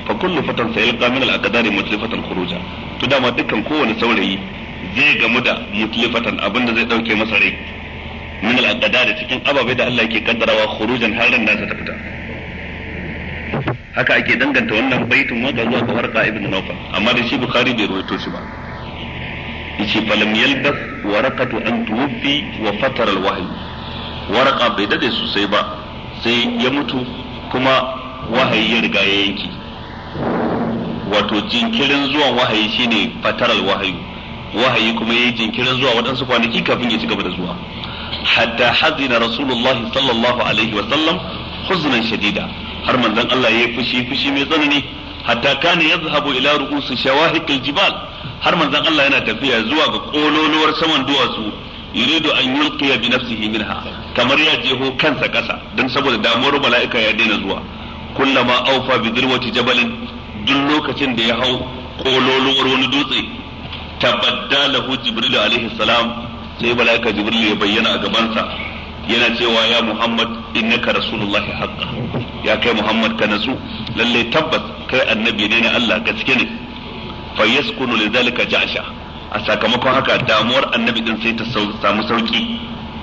fa kullu fatan sayalqa min al-aqdari mutlifatan khuruja to dama dukkan kowane saurayi zai gamu da mutlifatan abinda zai dauke masa rai min al-aqdari cikin ababai da Allah yake kaddarawa khurujan har ran nasa ta fita haka ake danganta wannan baitin waka zuwa ga warqa ibn nawfal amma da shi bukhari bai ruwaito shi ba yace falam yalbas warqatu an tuwfi wa fatara alwahyi warqa bai dade sosai ba sai ya mutu kuma wahayi ya riga ya yanki wato jinkirin zuwan wahayi shine fatar wahayi. wahayi kuma yayi jinkirin zuwa waɗansu kwanaki kafin ya ci gaba da zuwa hatta hazina rasulullahi sallallahu alaihi wa sallam huznan shadida har manzon Allah yayi fushi fushi mai tsanani hatta kana yazhabu ila ru'us shawahiqil jibal har manzon Allah yana tafiya zuwa ga kololuwar saman duwatsu yuridu an yulqiya bi nafsihi minha kamar ya jeho kansa kasa dan saboda damuwar mala'ika ya daina zuwa kullama awfa bi dirwati jabalin duk lokacin da ya hau kololuwar wani dutse tabadda lahu jibril alaihi salam sai mala'ika jibril ya bayyana a gabansa yana cewa ya Muhammad innaka rasulullahi haqqa ya kai Muhammad ka nasu lalle tabbas kai annabi ne ne Allah gaske ne fa yaskunu lidhalika ja'sha a sakamakon haka damuwar annabi din sai ta samu sauki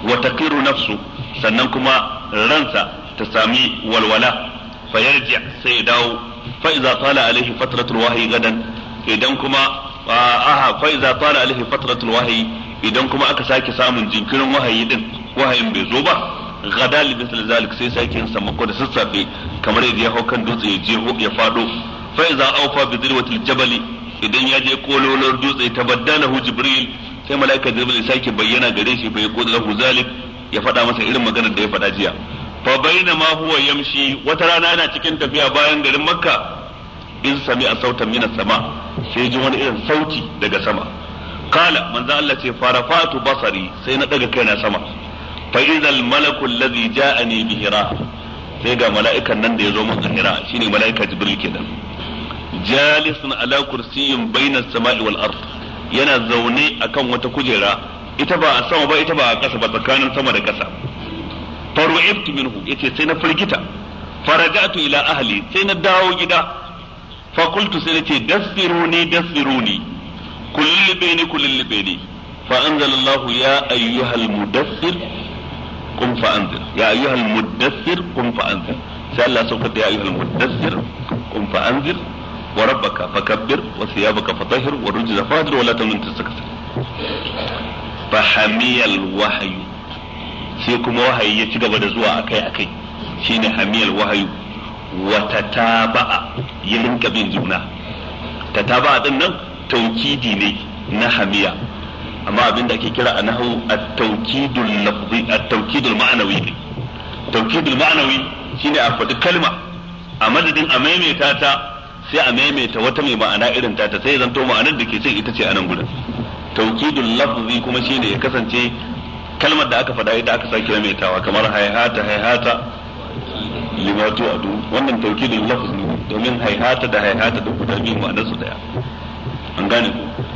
wa taqiru nafsu sannan kuma ransa ta sami walwala fa yarji sai ya dawo fa idza tala alaihi fatratul wahyi gadan idan kuma aha fa idza tala alaihi fatratul wahyi idan kuma aka sake samun jinkirin wahayi din wahayin bai zo ba gadali da zalik sai sake yin sammako da sassafe kamar yadda ya hau kan dutse ya je ya fado fa iza aufa bi dirwatil jabali idan ya je kololor dutse ta hu jibril sai malaika jibril sake bayyana gare shi fa yaqulu lahu zalik ya faɗa masa irin maganar da ya faɗa jiya fa bainama huwa yamshi wata rana yana cikin tafiya bayan garin makka in sami a sautan minas sama sai ji wani irin sauti daga sama kala manzo Allah ce farafatu basari sai na daga kaina sama fa idhal malaku alladhi a bi hira sai ga mala'ikan nan da ya zo mun a hira shine mala'ika jibril kenan jalisun ala kursiyyin bainas sama'i wal ard yana zaune akan wata kujera ita ba a sama ba ita ba a ƙasa ba tsakanin sama da ƙasa faru'ibtu minhu yace sai na firgita faraja'tu ila ahli sai na dawo gida fa qultu sai nace dasiruni dasiruni kullibeni kullibeni fa anzalallahu ya ayyuhal mudassir qum fa anzir ya ayyuhal muddathir qum fa anzir sai Allah saukar da ya ayyuhal muddathir qum fa anzir wa rabbaka fakabbir wa thiyabaka fatahhir wa rujza fahdir wa la tamun tastakbir fa hamiyal wahyu sai kuma wahayi ya ci gaba da zuwa akai akai shine hamiyal wahyu wa ya bin juna tataba'a din taukidi ne na hamiya amma abin da ake kira a nahu at-tawkidul lafzi at-tawkidul ma'nawi tawkidul ma'nawi shine a faɗi kalma a madadin a maimaita ta sai a maimaita wata mai ma'ana irin ta ta sai zanto ma'anar da ke cin ita ce a nan gudan tawkidul lafzi kuma shine ya kasance kalmar da aka faɗa ita aka sake maimaitawa kamar hayhata hayhata limatu adu wannan tawkidul lafzi ne domin hayhata da hayhata duk guda biyu ma'anar su daya an gane ku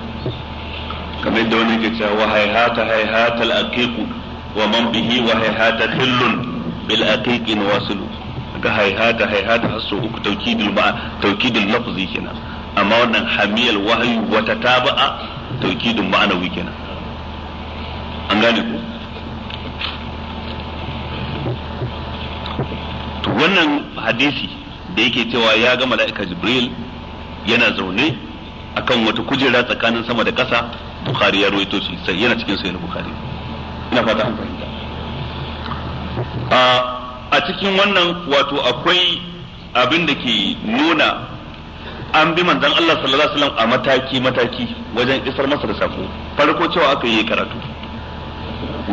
kamar da wani ke cewa wa haihata hayhata al-aqiq wa man bihi wa hayhata hillun bil aqiq wasilu ga haihata haihata hasu uku tawkidul ba tawkidul lafzi kenan amma wannan hamiyal wahyi wa tataba'a tawkidul wi kenan an gane ku to wannan hadisi da yake cewa ya ga mala'ika jibril yana zaune akan wata kujera tsakanin sama da ƙasa bukhari ya ruwaito shi sai yana cikin sahih bukhari ina fata an fahimta a cikin wannan wato akwai abin da ke nuna an bi manzon Allah sallallahu alaihi wasallam a mataki mataki wajen isar masa da sako farko cewa aka yi karatu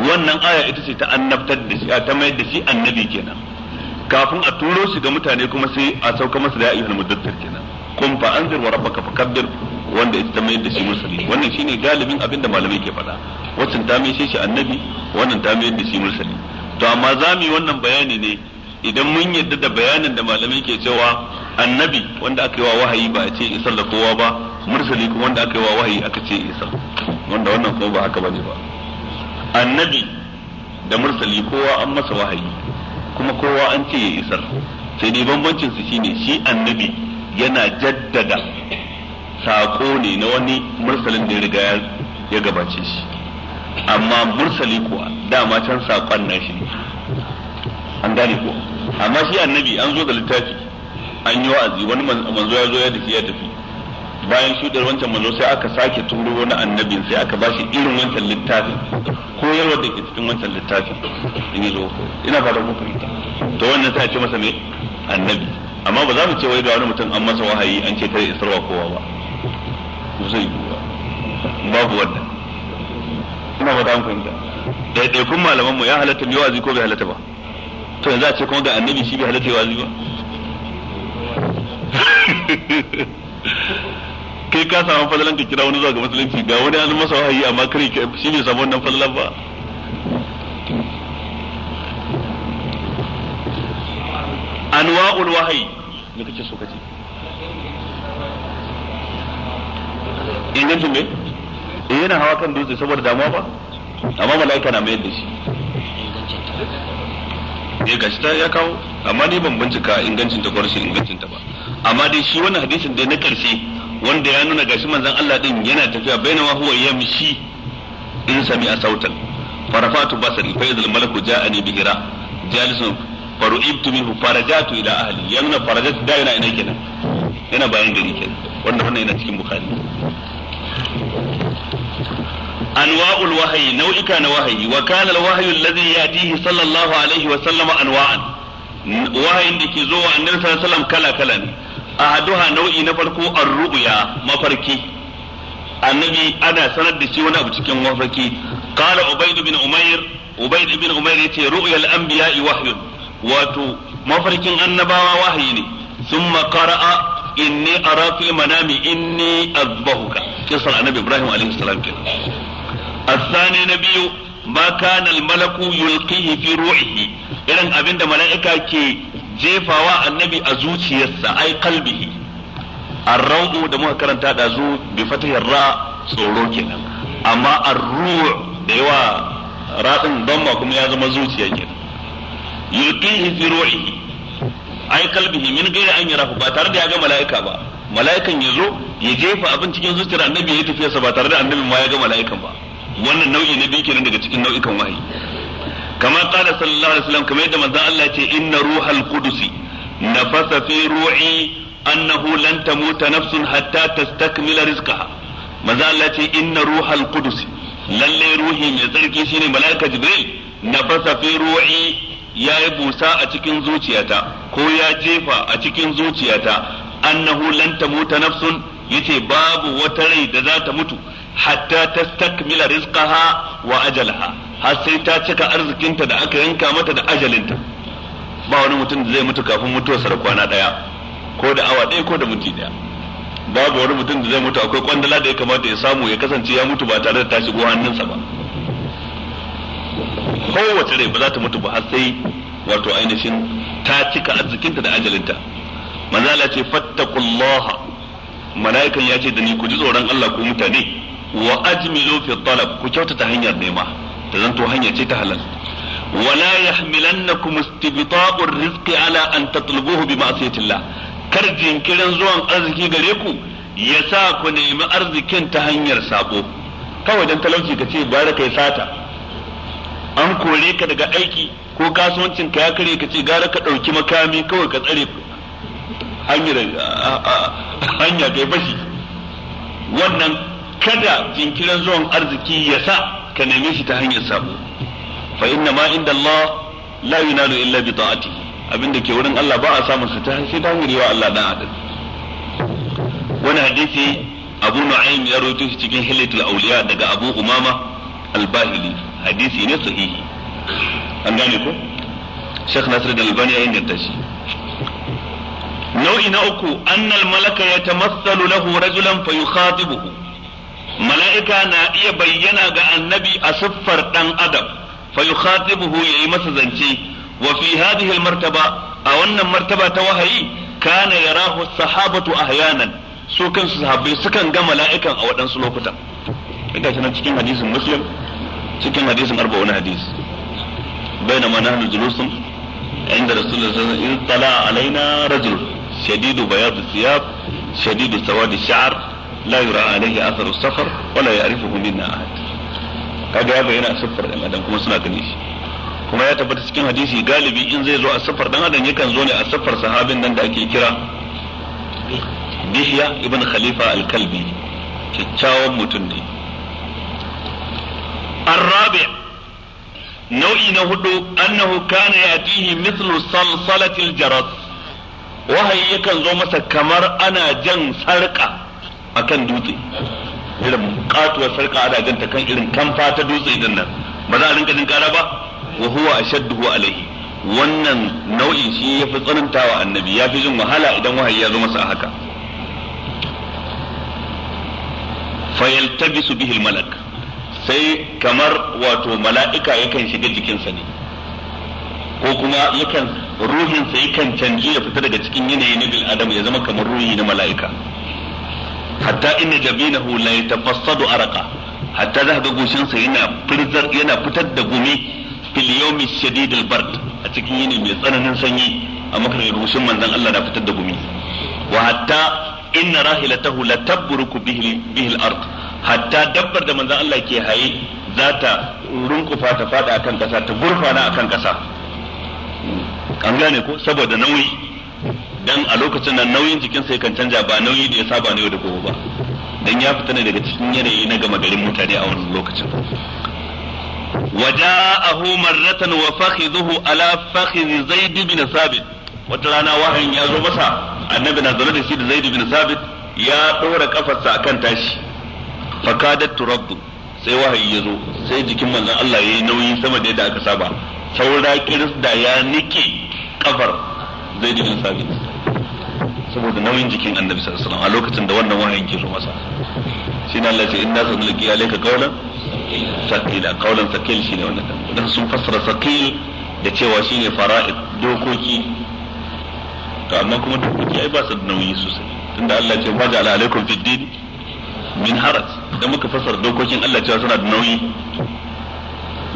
wannan aya ita ce ta annabtar da shi ta mayar da shi annabi kenan kafin a turo shi ga mutane kuma sai a sauka masa da ya ayyuhal muddathir kenan kun fa anzir wa rabbaka fakabbir wanda ita ta mayar da shi mursali wannan shine galibin abin da malamai ke faɗa waccan ta mai shi annabi wannan ta mayar da shi mursali to amma za wannan bayani ne idan mun yadda da bayanin da malamai ke cewa annabi wanda aka yi wa wahayi ba a ce isar da kowa ba mursali kuma wanda aka yi wa wahayi aka ce isar wanda wannan kuma ba haka bane ba annabi da mursali kowa an masa wahayi kuma kowa an ce ya isar sai dai bambancin su shine shi annabi yana jaddada saƙo ne na wani mursalin da ya riga ya gabace shi amma mursali kuwa dama can saƙon na shi an gane ko amma shi annabi an zo da littafi an yi wa'azi wani manzo ya zo ya tafi ya tafi bayan shuɗar wancan manzo sai aka sake turo wani annabin sai aka bashi irin wancan littafin koyarwa da ke cikin wancan littafin in yi zo ina fata ku fahimta to wannan sai a ce masa me annabi amma ba za mu ce wai ga wani mutum an masa wahayi an ce kare isarwa kowa ba zai yiwu babu wannan ina ba an fahimta ɗaiɗaikun malaman mu ya halatta mai wazi ko bai halatta ba to yanzu a ce kuma ga annabi shi bai halatta wazi ba [LAUGHS] kai ka samu fadalan ka kira wani zuwa ga musulunci ga wani an masa wahayi amma kai shi ne samu wannan fadalan ba anwa'ul wahayi me kace so kace ingancin me eh yana hawa kan dutse saboda damuwa ba amma mala'ika na mayar da shi eh gashi ya kawo amma ni ban bincika ingancin ta kwarshe ingancin ta ba amma dai shi wannan hadisin dai na karshe wanda ya nuna gashi manzon Allah din yana tafiya wa huwa yamshi in sami a sautan farafatu basari fa idal malaku ja'ani bi hira jalisun faru'ibtu minhu farajatu ila ahli yanna farajatu da yana ina kenan yana bayan gari kenan wanda wannan yana cikin bukhari anwa'ul wahayi nau'ika na wahayi wa kana al-wahyu alladhi yatihi sallallahu alaihi wa sallama anwa'an wahayin da ke zo wa annabi sallallahu alaihi wasallam kala kala ne ahaduha nau'i na farko ar-ru'ya mafarki annabi ana sanar da shi wani abu cikin mafarki qala ubayd bin umayr ubayd bin umayr yace ru'ya al-anbiya'i wahyun wato mafarkin annabawa wahayi ne thumma qara'a inni ara manami inni azbahuka kisar annabi ibrahim alaihi salam kin الثاني ma kana al malaku yulqihi fi ruhihi irin abinda mala'ika ke jefawa annabi a zuciyarsa ai kalbihi ar da muka karanta da zu bi fatihir ra tsoro kenan amma ar-ru' da yawa radin damma kuma ya zama zuciya kenan yulqihi fi ruhihi ai kalbihi min gairi an yarahu ba tare da ya ga mala'ika ba mala'ikan ya zo ya jefa abin cikin zuciyar annabi ya tafiya sa ba tare da annabi ma ya ga mala'ikan ba wannan nau'i na biyu kenan daga cikin nau'ikan wahayi Kamar qala sallallahu alaihi wasallam kamar yadda manzon Allah ya ce inna ruhal qudusi nafasa fi ru'i annahu lan tamuta nafsun hatta tastakmila rizqaha manzon Allah ya ce inna ruhal qudusi lalle ruhi mai tsarki shine mala'ika jibril nafasa fi ru'i ya yi busa a cikin zuciyata ko ya jefa a cikin zuciyata annahu lan tamuta nafsun yace babu wata rai da za ta mutu hatta tastakmila rizqaha wa ajalaha har sai ta cika arzikinta da aka yanka mata da ajalinta ba wani mutum da zai mutu kafin mutuwarsa da kwana daya ko da awa daya ko da minti daya babu wani mutum da zai mutu akwai kwandala da ya kamata ya samu ya kasance ya mutu ba tare da ta shigo hannunsa ba kowace rai ba za ta mutu ba har sai wato ainihin ta cika arzikinta da ajalinta manzala ce fattakullah mala'ikan ya ce da ni ku ji tsoron Allah ku mutane wa ajmilu fi talab ku kyautata hanyar nema ta zanto hanya ce ta halal wala yahmilannakum istibta'u rizqi ala an tatlubuhu bi ma'siyatillah kar jinkirin zuwan arziki gare ku ya sa ku nemi arzikin ta hanyar sabo kawai dan talauci ka ce bare kai sata an kore ka daga aiki ko kasuwancin ka ya kare ka ce gara ka ɗauki makami kawai ka tsare hanyar hanya kai bashi wannan kada jinkirin zuwan arziki ya sa ka neme shi ta hanyar sabo fa inna ma inda Allah la yunalu illa bi ta'atihi abinda ke wurin Allah ba a samun su ta sai ta hanyar yawa Allah dan adam wani hadisi Abu Nu'aym ya rawaito shi cikin Hilatul Awliya daga Abu Umama Al-Bahili hadisi ne sahihi an gane ko Sheikh Nasir da ya inganta shi nau'i na uku annal malaka ya tamassalu lahu rajulan fa yukhatibuhu mala'ika na iya bayyana ga annabi a siffar dan adam fa yukhatibuhu yayi masa zance wa fi hadhihi al martaba a wannan martaba ta wahayi kana yarahu sahabatu ahyanan su kansu sahabbai sukan ga mala'ikan a waɗansu lokutan ga shi nan cikin hadisin muslim cikin hadisin arba'un hadis bainama nahnu julusun inda rasulullahi sallallahu alaihi wasallam tala alaina rajul shadidu bayad thiyab shadidu sawadi sha'r la yura alaihi atharu safar wala ya ya'rifuhu minna ahad kaga ya bayyana siffar ɗan adam kuma suna ganin shi kuma ya tabbata cikin hadisi galibi in zai zo a siffar dan adam yakan zo ne a safar sahabin nan da ake kira Bihya ibn Khalifa al-Kalbi kyakkyawan mutum ne الرابع نوعي نهدو أنه كان يأتيه مثل صلصلة الجرس وهي يكن زو مسا كمر أنا جن سرقة أكن دوتي irin katuwar sarka ana janta kan irin kamfa ta dutse din nan ba za a rinka jin kara ba wa huwa ashadduhu alaihi wannan nau'i shi ya fi tsanantawa annabi ya fi jin wahala idan wahayi ya zo masa haka fayaltabisu bihi malak sai kamar wato mala'ika yakan shiga jikinsa ne ko kuma yakan ruhinsa yakan canji ya fita daga cikin yanayi na bil adam ya zama kamar ruhi na mala'ika hatta inna jabinahu la yatafassadu araqa hatta za ga goshinsa yana firzar yana fitar da gumi fil yawmi shadid al bard a cikin yanayi mai tsananin sanyi a makarin goshin manzon Allah na fitar da gumi wa hatta inna rahilatahu la tabruku bihi bihi al ard hatta dabbar da manzan Allah ke haye za ta runkufa ta fada akan kasa ta gurfana akan kasa an gane ko saboda nauyi dan a lokacin nan nauyin jikinsa kan canja ba nauyi da ya saba ne da gobe ba dan ya fita ne daga cikin yanayi na gama garin mutane a wannan lokacin وجاءه مرة وفخذه على فخذ زيد بن ثابت وترانا وهن يا زو مسا النبي نزل da Zaid bin Sabit ya dora kafarsa akan tashi fakadat turaddu sai wahayi ya zo sai jikin manzon Allah yayi nauyi sama da yadda aka saba saura da ya nike kafar zai ji sabi saboda nauyin jikin annabi sallallahu a lokacin da wannan wahayin ke zo masa Shi Allah ya ce inna sanulqi alayka qawlan saqila qawlan saqil shine wannan dan sun fassara saqil da cewa shine fara'id dokoki to amma kuma dokoki ai ba su da nauyi sosai tunda Allah ya ce waja'ala alaykum fid din min haraj da muka fasar dokokin Allah cewa suna da nauyi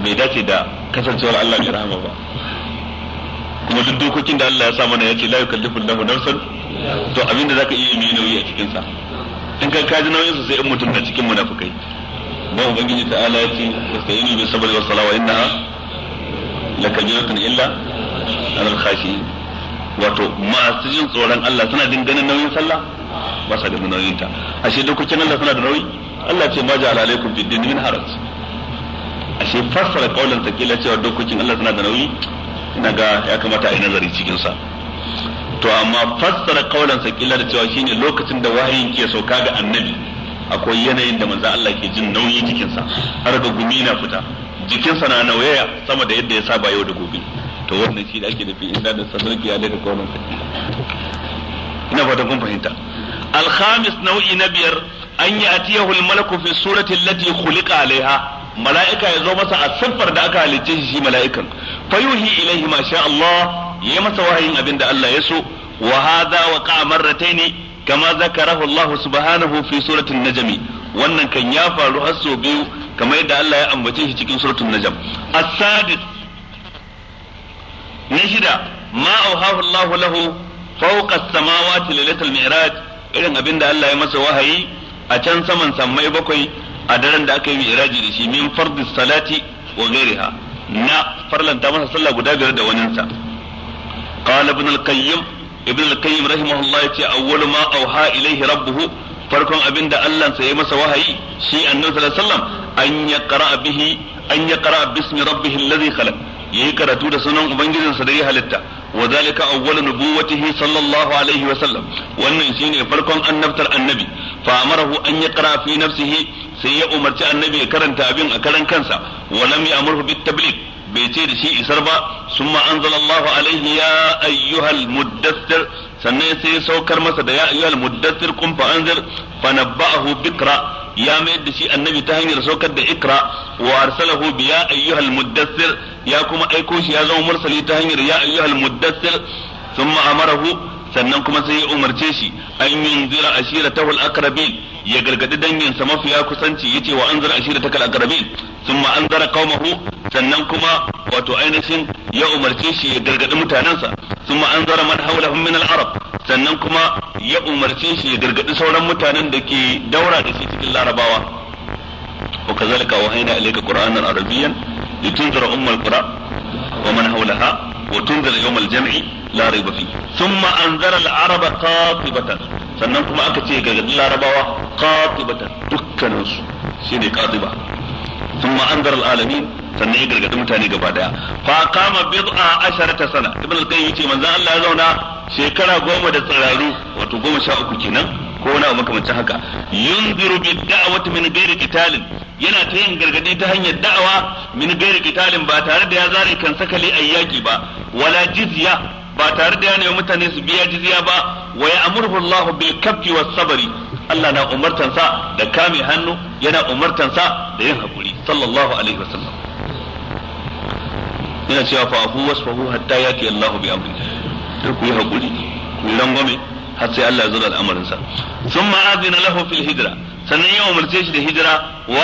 bai dace da kasancewar Allah mai rahama ba kuma duk dokokin da Allah ya sa mana ya ce la yukallifu Allahu nafsan to abin da zaka iya mai nauyi a cikin sa in ka kaji nauyin sai in mutum da cikin munafikai dan ubangiji ta'ala ya ce wasta'inu bi sabri was salawa innaha lakabiratun illa al khashi wato masu jin tsoron Allah suna din nauyin sallah ba sa ganin nauyin ta ashe dokokin Allah suna da nauyi Allah ce ma ja'ala alaikum fid din min haraj ashe fassara kaulan ta kila cewa dokokin Allah suna da nauyi ina ga ya kamata a yi nazari cikin sa to amma fassara kaulan sa kila da cewa shine lokacin da wahayin ke sauka ga annabi akwai yanayin da manzo Allah ke jin nauyi jikinsa har ga gumi na fita jikinsa na nauyaya sama da yadda ya saba yau da gobe to wannan shi da ake nufi inda da sanarki ya daga kwanan ina fatan kun fahimta alkhamis nau'i na biyar an yi atiyahul malaku fi surati allati khuliqa alaiha mala'ika ya zo masa a siffar da aka halicce shi mala'ikan fayuhi ilaihi ma sha Allah ya masa wahayin abin da Allah ya so wa hadha waqa marratayn kama zakarahu Allah subhanahu fi suratul najm wannan kan ya faru har sau biyu kamar yadda Allah ya ambace shi cikin suratun najam. as-sadis na shida ma auhahu Allah lahu fawqa as-samawati lailatul mi'raj irin abin da Allah ya masa wahayi a can saman sammai bakwai a daren da aka yi mi'raji da shi min fardis salati wa ghairiha na farlanta masa sallah guda biyar da waninsa qala ibn al-qayyim ibn al-qayyim rahimahullah yace awwalu ma auha ilaihi rabbuhu farkon abin da Allah sa ya a wahayi shi annabi sallallahu alaihi wasallam an yaqra bihi an yaqra bismi rabbih alladhi khalaq yayi karatu da sunan sa da ya halitta wa zalika awwalu nubuwwatihi sallallahu alaihi wa sallam wannan shine farkon annabtar annabi fa amarahu an yaqra fi sai ya umarci annabi ya karanta abin a karan kansa wa lam ya'murhu bit bai ce da shi isar ba su summa anzalallahu alaihi ya ayyuhal muddaththir sannan sai ya saukar masa da ya ayyuhal muddaththir qum fa anzir fa nabba'ahu bikra ya mayar da shi annabi ta hanyar saukar da ikra wa arsalahu bi ya ayyuhal muddassir ya kuma aiko shi ya zama mursali ta hanyar ya ayyuhal muddassir thumma amarahu sannan kuma sai ya umarce shi an yunzira ashiratahu al-aqrabin ya gargadi danginsa mafiya kusanci yace wa anzar ashira takal aqrabin thumma anzara qaumahu sannan kuma wato ainihin ya umarce shi ya gargadi ma an zara man haula min al-arab sannan kuma ya umarce shi ya gargadi sauran mutanen da ke daura da shi cikin larabawa wa kazalika wa hayna ilayka qur'anan arabiyyan litunzira ummul qura wa man hawlaha wa tunzira yawmal jam'i la rayba fi thumma anzara al-araba qatibatan sannan kuma aka ce ga larabawa qatibatan dukkanin su shine qatiba thumma anzara al-alamin sannan ya gargadi mutane gaba daya fa qama bid'a asharata sana ibn al-qayyim yace manzo Allah ya zauna shekara goma da tsiraru wato goma sha uku kenan ko wani abu makamancin haka yunziru bi da'wati min ghairi qitalin yana ta yin gargadi ta hanyar da'awa min gairi qitalin ba tare da ya zare kan sakali yaki ba wala jizya ba tare da ya nemi mutane su biya jizya ba wa ya'muruhu Allahu bil kaffi wa sabari Allah na umartansa da kame hannu yana umartansa da yin hakuri sallallahu alaihi wa sallam. yana cewa fa afu wasfahu hatta yati Allahu bi amri ku yi hakuri ku yi rangwame har sai Allah ya zo da al'amarinsa sun ma'azina lahu fil hijra sannan ya umarce shi da hijira wa